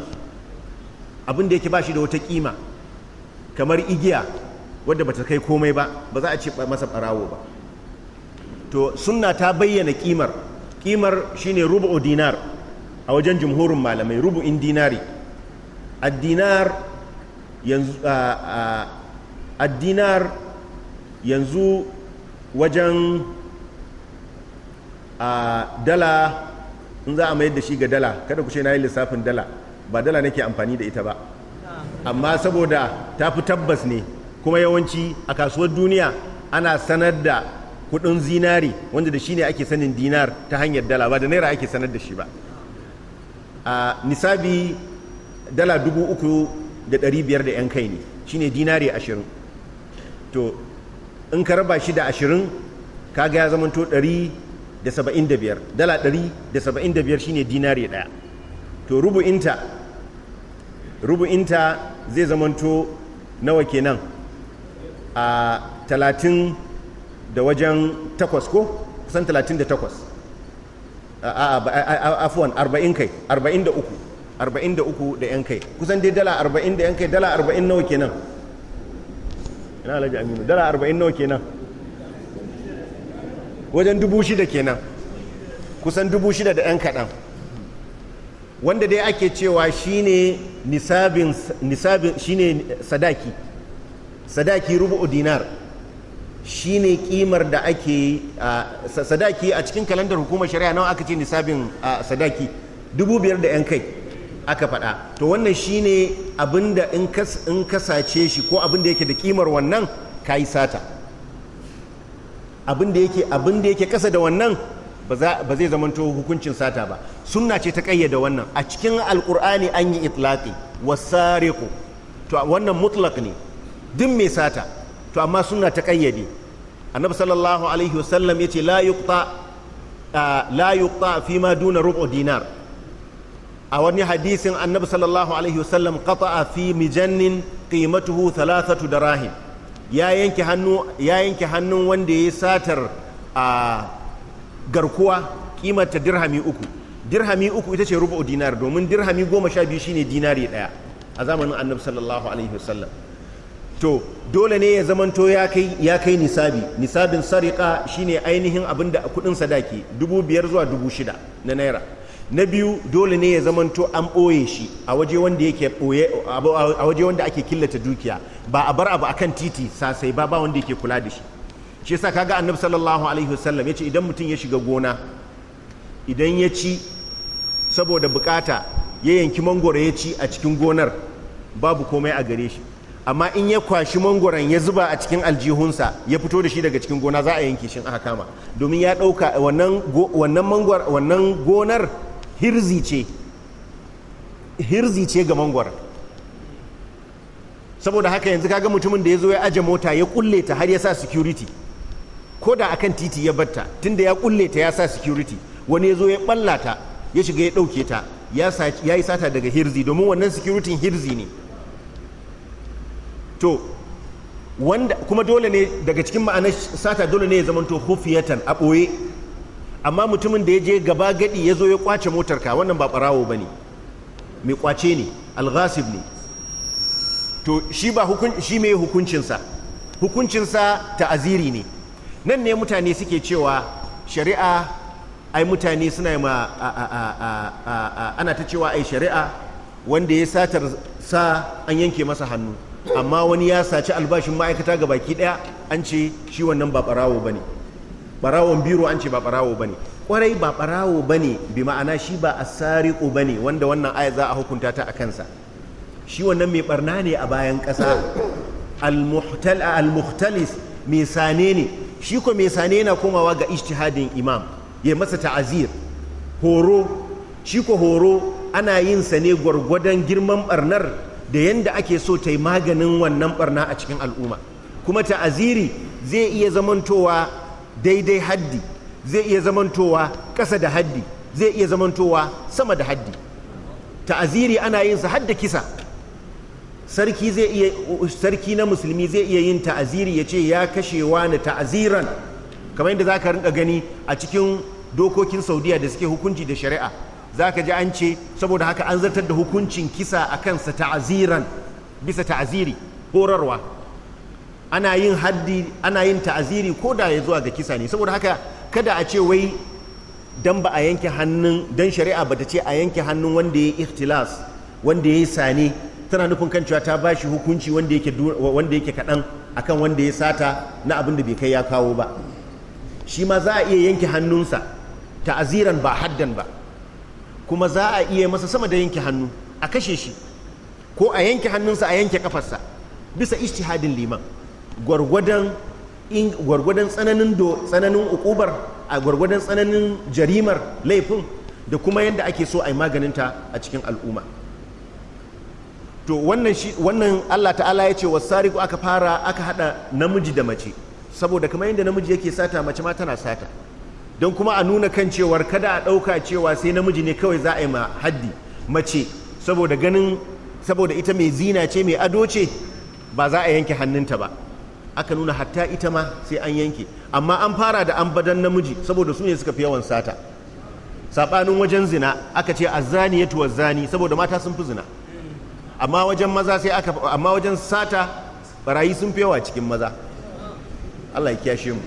abin da yake ba da wata kima kamar igiya wadda bata kai komai ba ba za a ce masa ɓarawo ba to sunna ta bayyana kimar kimar shine rubu'u dinar a wajen jumhurin malamai rubu in dinari a yanzu addinar yanzu wajen a dala in za a mayar da shi ga dala kada ku ce na yi lissafin dala ba dala nake amfani da ita ba amma saboda ta fi tabbas ne kuma yawanci a kasuwar duniya ana sanar da kudin zinari wanda da shi ne ake sanin dinar ta hanyar dala ba da naira ake sanar da shi ba a nisabi dala dubu uku da ɗari biyar da 'yan kai ne shine dinari ashirin to in ka raba shi da ashirin ka kaga ya zamanto ɗari da saba'in da biyar dala ɗari da saba'in da biyar shine dinari ɗaya to rubu'inta rubu'inta zai zamanto nawa kenan a talatin da wajen takwas ko kusan talatin da takwas afuwan arba'in kai arba'in da uku arba'in da uku da yan kai kusan dai dala arba'in da yan kai dala arba'in nawa kenan ina alhaji aminu dala arba'in nawa kenan wajen dubu shida kenan kusan dubu shida da 'yan kaɗan wanda dai ake cewa shine nisabin shine sadaki sadaki rubu'u dinar shine kimar da ake sadaki a cikin kalandar hukumar shari'a nawa aka ce nisabin sadaki dubu biyar da 'yan kai aka faɗa to wannan shine abinda in kasace shi ko abinda yake da kimar wannan ka yi sata abin da yake abin da yake kasa da wannan ba zai zamanto hukuncin sata ba sunna ce ta kayyada wannan a cikin alkur'ani an yi itlaqi wasariqu to wannan mutlaq ne duk mai sata to amma sunna ta kayyade annabi sallallahu alaihi wasallam yace la yuqta la yuqta fi ma duna rubu dinar a wani hadisin annabi sallallahu alaihi wasallam qata'a fi mijannin qimatuhu thalathatu darahim ya yanke hannun wanda ya yi satar a garkuwa kimanta dirhami uku dirhami uku ita ce rubu dinar domin dirhami goma sha biyu shine dinari daya a zamanin annabi sallallahu alaihi wasallam to dole ne ya zamanto ya kai ya kai nisabi nisabin sarika shine ainihin abinda a kudin sadaki dubu biyar zuwa dubu shida na naira na biyu dole ne ya zamanto an ɓoye shi a waje wanda ake killata dukiya ba a bar abu akan titi sasai ba ba wanda yake kula da shi shi yasa kaga annabi sallallahu alaihi wasallam yace idan mutum ya shiga gona idan ya ci saboda bukata ya yanki mangoro ya ci a cikin gonar babu komai a gare shi amma in ya kwashi mangoron ya zuba a cikin aljihunsa ya fito da shi daga cikin gona za a yanke shi aka kama domin ya ɗauka wannan gonar hirzi ce hirzi ce ga mangoron saboda haka yanzu kaga mutumin da ya zo ya aje mota ya kulle ta har ya sa security ko da akan titi ya batta tunda ya kulle ta ya sa security wani ya zo ya balla ta ya shiga ya ɗauke ta ya yi sata daga hirzi domin wannan security hirzi ne to wanda kuma dole ne daga cikin ma'anar sata dole ne ya zamanto hufiyatan a boye amma mutumin da ya je gaba gadi ya zo ya kwace motar ka wannan ba barawo ba ne mai kwace ne alghasib ne to shi ba shi mai hukuncinsa hukuncinsa ta'aziri ne nan ne mutane suke cewa shari'a ai mutane suna ma ana ta cewa ai shari'a wanda ya satar sa an yanke masa hannu amma wani ya saci albashin ma'aikata ga baki daya an ce shi wannan ba barawo ba ne barawon biro an ce ba barawo ba ne kwarai ba barawo ba ne bi ma'ana shi ba ba ne wanda wannan aya za a hukunta ta a kansa shi wannan mai barna ne a bayan ƙasa al-muhtalis mai sane ne shi ko mai sane yana komawa ga ijtihadin imam ya masa ta'azir horo shi ko horo ana yin sa ne gwargwadon girman barnar da yanda ake so ta yi maganin wannan barna a cikin al'umma kuma ta'aziri zai iya zamantowa daidai haddi zai iya zamantowa ƙasa da haddi zai iya zamantowa sama da haddi ta'aziri ana yin sa har kisa sarki na musulmi zai iya yin ta'aziri ya ce ya kashe wani ta'aziran kamar yadda ka rinka gani a cikin dokokin saudiya da suke hukunci da shari'a za ka ji an ce saboda haka an zartar da hukuncin kisa a kansa ta'aziran bisa ta'aziri horarwa ana yin haddi ana yin ta'aziri ko da ya zuwa ga kisa ne saboda haka kada a ce wai don ba a yanke hannun dan shari'a bata ce a yanke hannun wanda ya yi ikhtilas wanda ya yi sane tana nufin kan cewa ta bashi hukunci wanda yake wanda yake kan akan wanda ya sata na abin da bai kai ya kawo ba shi ma za a iya yanke hannunsa ta'aziran ba haddan ba kuma za a iya masa sama da yanke hannu a kashe shi ko a yanke hannunsa a yanke kafarsa bisa ijtihadin liman gwargwadon tsananin do tsananin ukubar a gwargwadon tsananin jarimar laifin da kuma yadda ake so a yi maganinta a cikin al'umma to wannan shi wannan Allah ta'ala ya ce wasariku aka fara aka hada namiji da mace saboda kamar yadda namiji yake sata mace ma tana sata don kuma a nuna kan cewar kada a ɗauka cewa sai namiji ne kawai za a yi ma haddi mace saboda ganin saboda ita mai zina ce mai ado ce ba za a yanke hannunta ba aka nuna hatta ita ma sai an yanke amma an fara da an ambadan namiji saboda su ne suka fi yawan sata saɓanin wajen zina aka ce azzani ya tuwa zani saboda mata sun fi zina amma wajen maza sai aka amma wajen sata barayi sun fi yawa cikin maza Allah ya kiyashe mu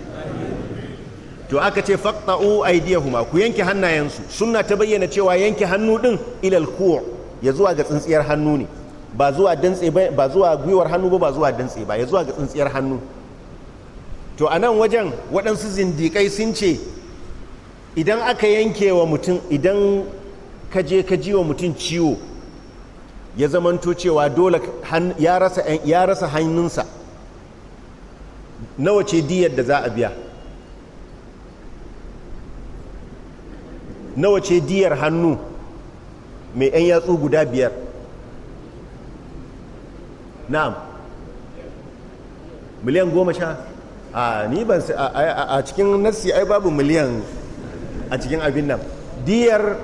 to aka ce faqta'u aydiyahuma ku yanke hannayensu sunna ta bayyana cewa yanke hannu din ilal ku' ya zuwa ga tsintsiyar hannu ne ba zuwa dantse ba zuwa gwiwar hannu ba ba zuwa dantse ba ya zuwa ga tsintsiyar hannu to a nan wajen waɗansu zindikai sun ce idan aka yanke wa mutum idan ka je ka ji wa mutum ciwo ya zamanto cewa dole ya rasa hannunsa nawa ce diyar da za a biya nawa ce diyar hannu mai 'yan yatsu guda biyar na'am miliyan goma sha a ni ban a cikin nassi ai babu miliyan a cikin abin nan diyar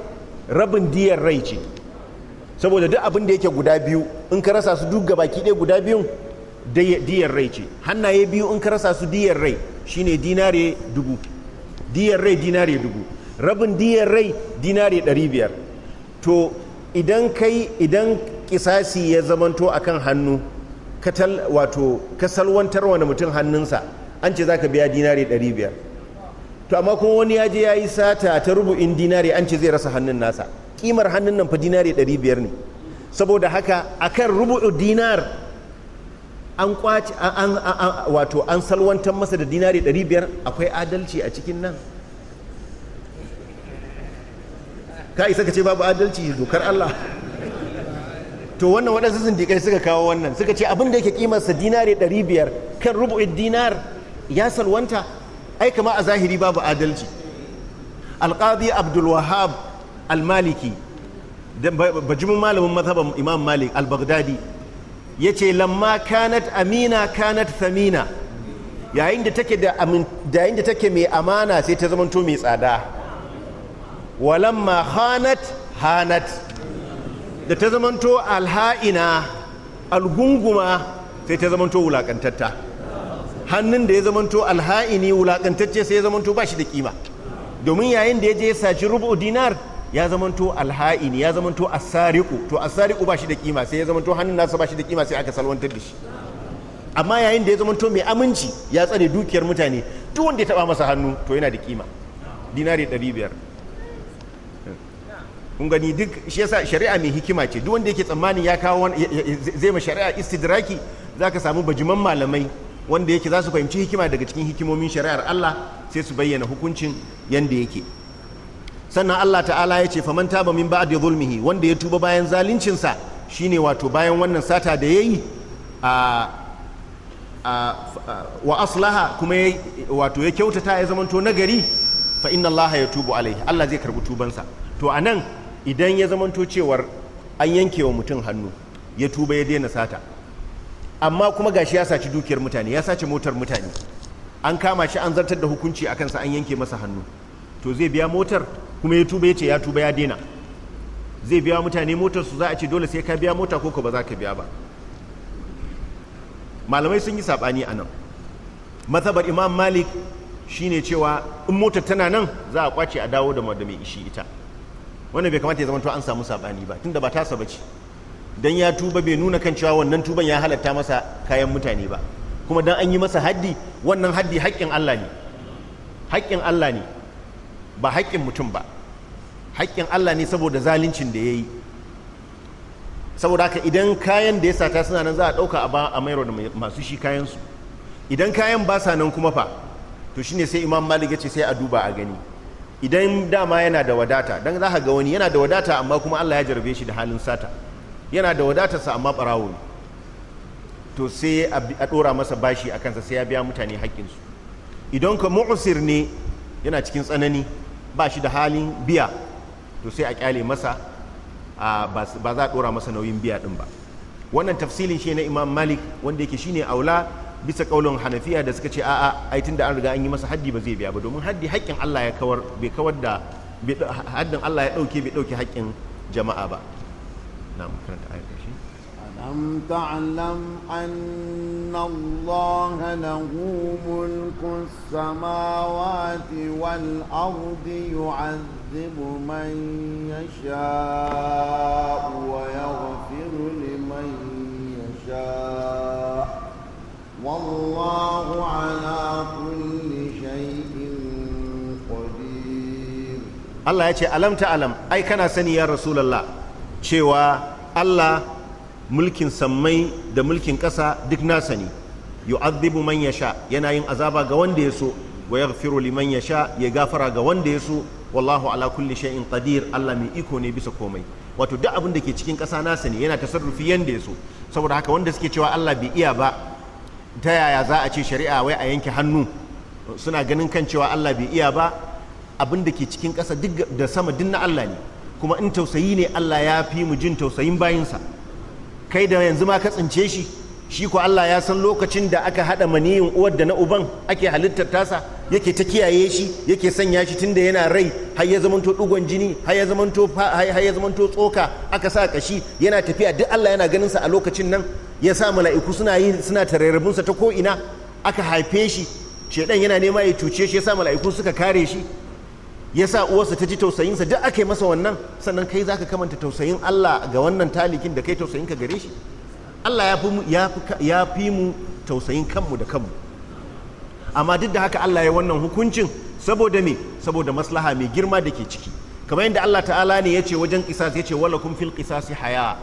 rabin diyar rai ce saboda duk abin da yake guda biyu in ka rasa su duk baki ɗaya guda biyun diyar rai ce hannaye biyu in ka rasa su diyar rai shine dinare dubu diyar rai dinare dubu rabin diyar rai dinare ɗari biyar to idan kai idan kisasi ya zamanto akan hannu wato kasalwantar wani mutum hannunsa an ce zaka biya dinare ɗari biyar to amma kuma wani ya je ya yi sata ta rubu'in dinare an ce zai rasa hannun nasa kimar hannun nan fa dinari 500 ne saboda haka akan rubu'u dinar an kwaci an wato an salwantar masa da dinari 500 akwai adalci a cikin nan ka isa ka ce babu adalci dokar Allah to wannan waɗansu dikai suka kawo wannan suka ce abin da yake kimarsa dinari 500 kan rubutu dinar ya salwanta ai kama a zahiri babu adalci alƙadi abdulwahab al-maliki bajimin malamin mazhaban imam malik al-baghdadi ya ce lamma kanat amina kanat samina yayin da take da yayin mai amana sai ta zamanto mai tsada walamma hanat hanat da ta zamanto alha'ina algunguma sai ta zamanto wulakantatta hannun da ya zamanto alha'ini wulakantacce sai ya zamanto ba shi da kima domin yayin da ya je ya saci rubu dinar ya zamanto alhaini ya zamanto asariku to asariku ba shi da kima sai ya zamanto hannun nasa ba shi da kima sai aka salwantar da shi amma yayin da ya zamanto mai aminci ya tsare dukiyar mutane duk wanda ya taba masa hannu to yana da kima dinari 500 kun gani duk shi yasa shari'a mai hikima ce duk wanda yake tsammanin ya kawo zai ma shari'a istidraki zaka samu bajiman malamai wanda yake za su fahimci hikima daga cikin hikimomin shari'ar Allah sai su bayyana hukuncin yanda yake sannan Allah ta'ala ya ce faman taba min ba'di zulmihi wanda ya tuba bayan zaluncinsa shi shine wato bayan wannan sata da ya yi wa aslaha kuma wato ya kyautata ya zamanto nagari fa inna Allah ya tubu alaihi Allah zai karbi tubansa to a nan idan ya zamanto cewar an yanke wa mutum hannu ya tuba ya daina sata amma kuma gashi ya saci dukiyar mutane ya sace motar mutane an kama shi an zartar da hukunci akan sa an yanke masa hannu to zai biya motar kuma ya tuba ya ce ya tuba ya daina zai biya mutane motar su za a ce dole sai ka biya mota ko ba za ka biya ba malamai sun yi saɓani a nan mazhabar imam malik shine cewa in motar tana nan za a kwace a dawo da mai ishi ita wannan bai kamata ya zama to an samu saɓani ba tunda ba saba ce. dan ya tuba bai nuna kan cewa wannan tuban ya halatta masa kayan mutane ba kuma dan an yi masa haddi wannan haddi haƙƙin Allah ne haƙƙin Allah ne ba haƙƙin mutum ba haƙƙin Allah ne saboda zalincin da ya yi saboda haka idan kayan da ya sata suna nan za a ɗauka a mayar da masu shi kayansu idan kayan ba sa nan kuma fa to shine sai imam malik ya ce sai a duba a gani idan dama yana da wadata don za ka ga wani yana da wadata amma kuma Allah ya jarabe shi da halin sata yana da wadatarsa amma ɓarawo ne to sai a ɗora masa bashi a kansa sai ya biya mutane haƙƙinsu idan ka mu'usir ne yana cikin tsanani ba shi da halin biya to sai a kyale masa ba za a dora masa nauyin biya din ba wannan tafsilin shi na imam malik wanda yake shi ne aula bisa kaulin hanafiya da suka ce a'a ai da an riga an yi masa haddi ba zai biya ba domin haddi haƙƙin Allah ya kawar bai kawar da haddin Allah ya ɗauke bai ɗauke haƙƙin jama'a ba na makaranta ayyuka أم تعلم أن الله له ملك السماوات والأرض يعذب من يشاء ويغفر لمن يشاء والله على كل شيء قدير الله يا ألم تعلم أي كان سني يا رسول الله شوى الله mulkin sammai da mulkin ƙasa duk nasa ne yu'adhibu man yasha yana yin azaba ga wanda ya so wa yaghfiru liman sha ya gafara ga wanda ya so wallahu ala kulli shay'in qadir Allah mai iko ne bisa komai wato duk abin da ke cikin ƙasa nasa ne yana tasarrufi yanda ya so saboda haka wanda suke cewa Allah bai iya ba ta yaya za a ce shari'a wai a yanke hannu suna ganin kan cewa Allah bai iya ba abin da ke cikin ƙasa duk da sama duk na Allah ne kuma in tausayi ne Allah ya fi mu jin tausayin bayinsa kai da yanzu ma ka tsince shi shi ko Allah ya san lokacin da aka hada maniyin uwar da na uban ake halittar tasa yake ta kiyaye shi yake sanya shi tunda yana rai har ya zamanto dugon jini har ya zamanto har ya zamanto tsoka aka sa kashi yana tafiya duk Allah yana ganin sa a lokacin nan ya sa mala'iku suna yi suna sa ta ko ina aka haife shi shedan yana nema ya cuce shi ya sa mala'iku suka kare shi ya sa uwarsa ta ji tausayinsa duk aka yi masa wannan sannan kai za ka kamanta tausayin Allah ga wannan talikin da kai tausayin ka gare shi Allah ya fi mu tausayin kanmu da kanmu amma duk da haka Allah ya wannan hukuncin saboda me saboda maslaha mai girma da ke ciki kamar yadda Allah ta'ala ne ya ce wajen kisas ya ce wala kun fil kisasi haya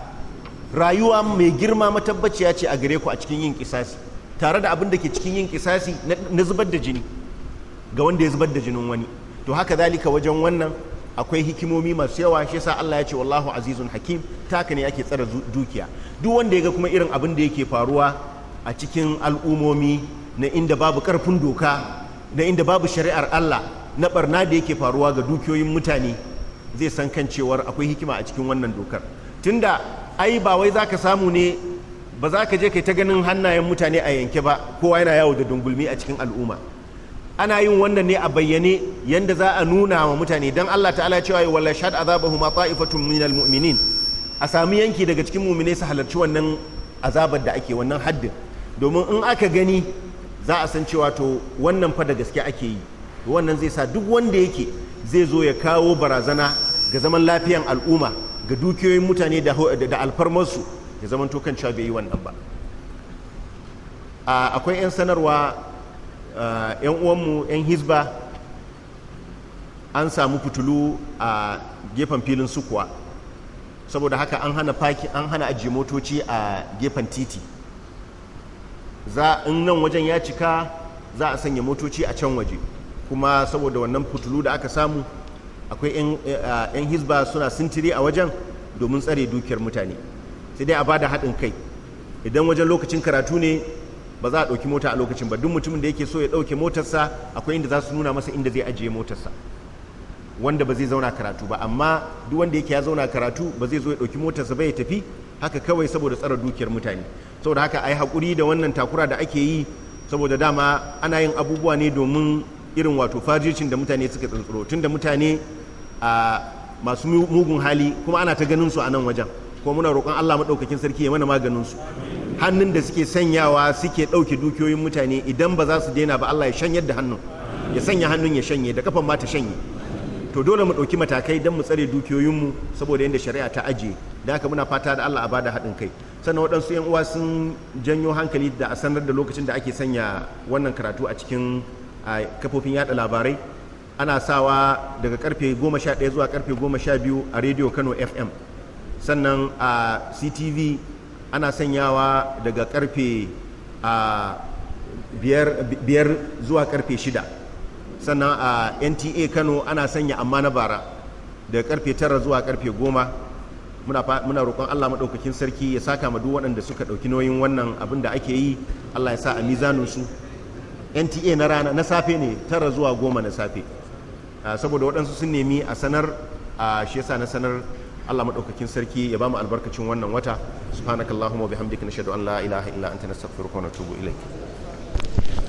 rayuwa mai girma matabbaciya ce a gare ku a cikin yin kisasi tare da abin da ke cikin yin kisasi na zubar da jini ga wanda ya zubar da jinin wani to haka zalika wajen wannan akwai hikimomi masu yawa shi yasa Allah ya ce wallahu azizun hakim taka ne ake tsara dukiya duk wanda ya ga kuma irin abin da yake faruwa a cikin al'umomi na inda babu karfin doka na inda babu shari'ar Allah na barna da yake faruwa ga dukiyoyin mutane zai san kan cewar akwai hikima a cikin wannan dokar tunda ai ba wai zaka samu ne ba za ka je kai ta ganin hannayen mutane a yanke ba kowa yana yawo da dungulmi a cikin al'umma ana yin wannan ne a bayyane yadda za a nuna wa mutane don Allah ta'ala cewa ya wala shad azabahum ta'ifatun minal mu'minin a sami yanki daga cikin mu'mine su halarci wannan azabar da ake wannan haddin domin in aka gani za a san cewa to wannan fa da gaske ake yi wannan zai sa duk wanda yake zai zo ya kawo barazana ga zaman lafiyan al'umma ga dukiyoyin mutane da alfarmarsu ya zaman to kan cewa bai yi wannan ba akwai 'yan sanarwa Eh, 'yan uwanmu 'yan hisba an samu fitulu a gefen filin sukuwa saboda haka an hana faki an hana ajiye motoci a gefen titi za in nan wajen ya cika za a sanya motoci a can waje kuma saboda wannan fitulu da aka samu akwai eh, 'yan hisba suna sintiri a wajen domin tsare dukiyar mutane sai dai a bada haɗin kai idan wajen lokacin karatu ne ba za a ɗauki mota a lokacin ba duk mutumin da yake so ya ɗauke motarsa akwai inda za su nuna masa inda zai ajiye motarsa wanda ba zai zauna karatu ba amma duk wanda yake ya zauna karatu ba zai zo ya ɗauki motarsa ba ya tafi haka kawai saboda tsara dukiyar mutane saboda haka a yi haƙuri da wannan takura da ake yi saboda dama ana yin abubuwa ne domin irin wato fajircin da mutane suka tsantsuro tun da mutane a masu mugun hali kuma ana ta ganin su a nan wajen kuma muna roƙon Allah maɗaukakin sarki ya mana maganin su hannun da suke sanyawa suke ɗauke dukiyoyin mutane idan ba za su daina ba Allah ya shanyar da hannun ya sanya hannun ya shanye da kafan ma ta shanye to dole mu ɗauki matakai don mu tsare dukiyoyinmu saboda yadda shari'a ta ajiye da haka muna fata da Allah a bada haɗin kai sannan waɗansu 'yan uwa sun janyo hankali da a sanar da lokacin da ake sanya wannan karatu a cikin kafofin yada labarai ana sawa daga karfe 11 zuwa karfe 12 a rediyo kano fm sannan a ctv ana sanyawa daga karfe biyar zuwa karfe shida sannan a nta kano ana sanya amma na bara daga karfe tara zuwa karfe goma muna roƙon allah maɗaukakin sarki ya saka ma duk waɗanda suka ɗauki nauyin wannan abin da ake yi allah ya sa a su nta na rana na safe ne tara zuwa goma na safe saboda waɗansu sun nemi a sanar shi yasa na sanar Allah maɗaukakin sarki ya mu albarkacin wannan wata subhanakallahumma wa bihamdika nashhadu an la ilaha illa anta nastaghfiruka wa natubu ilaik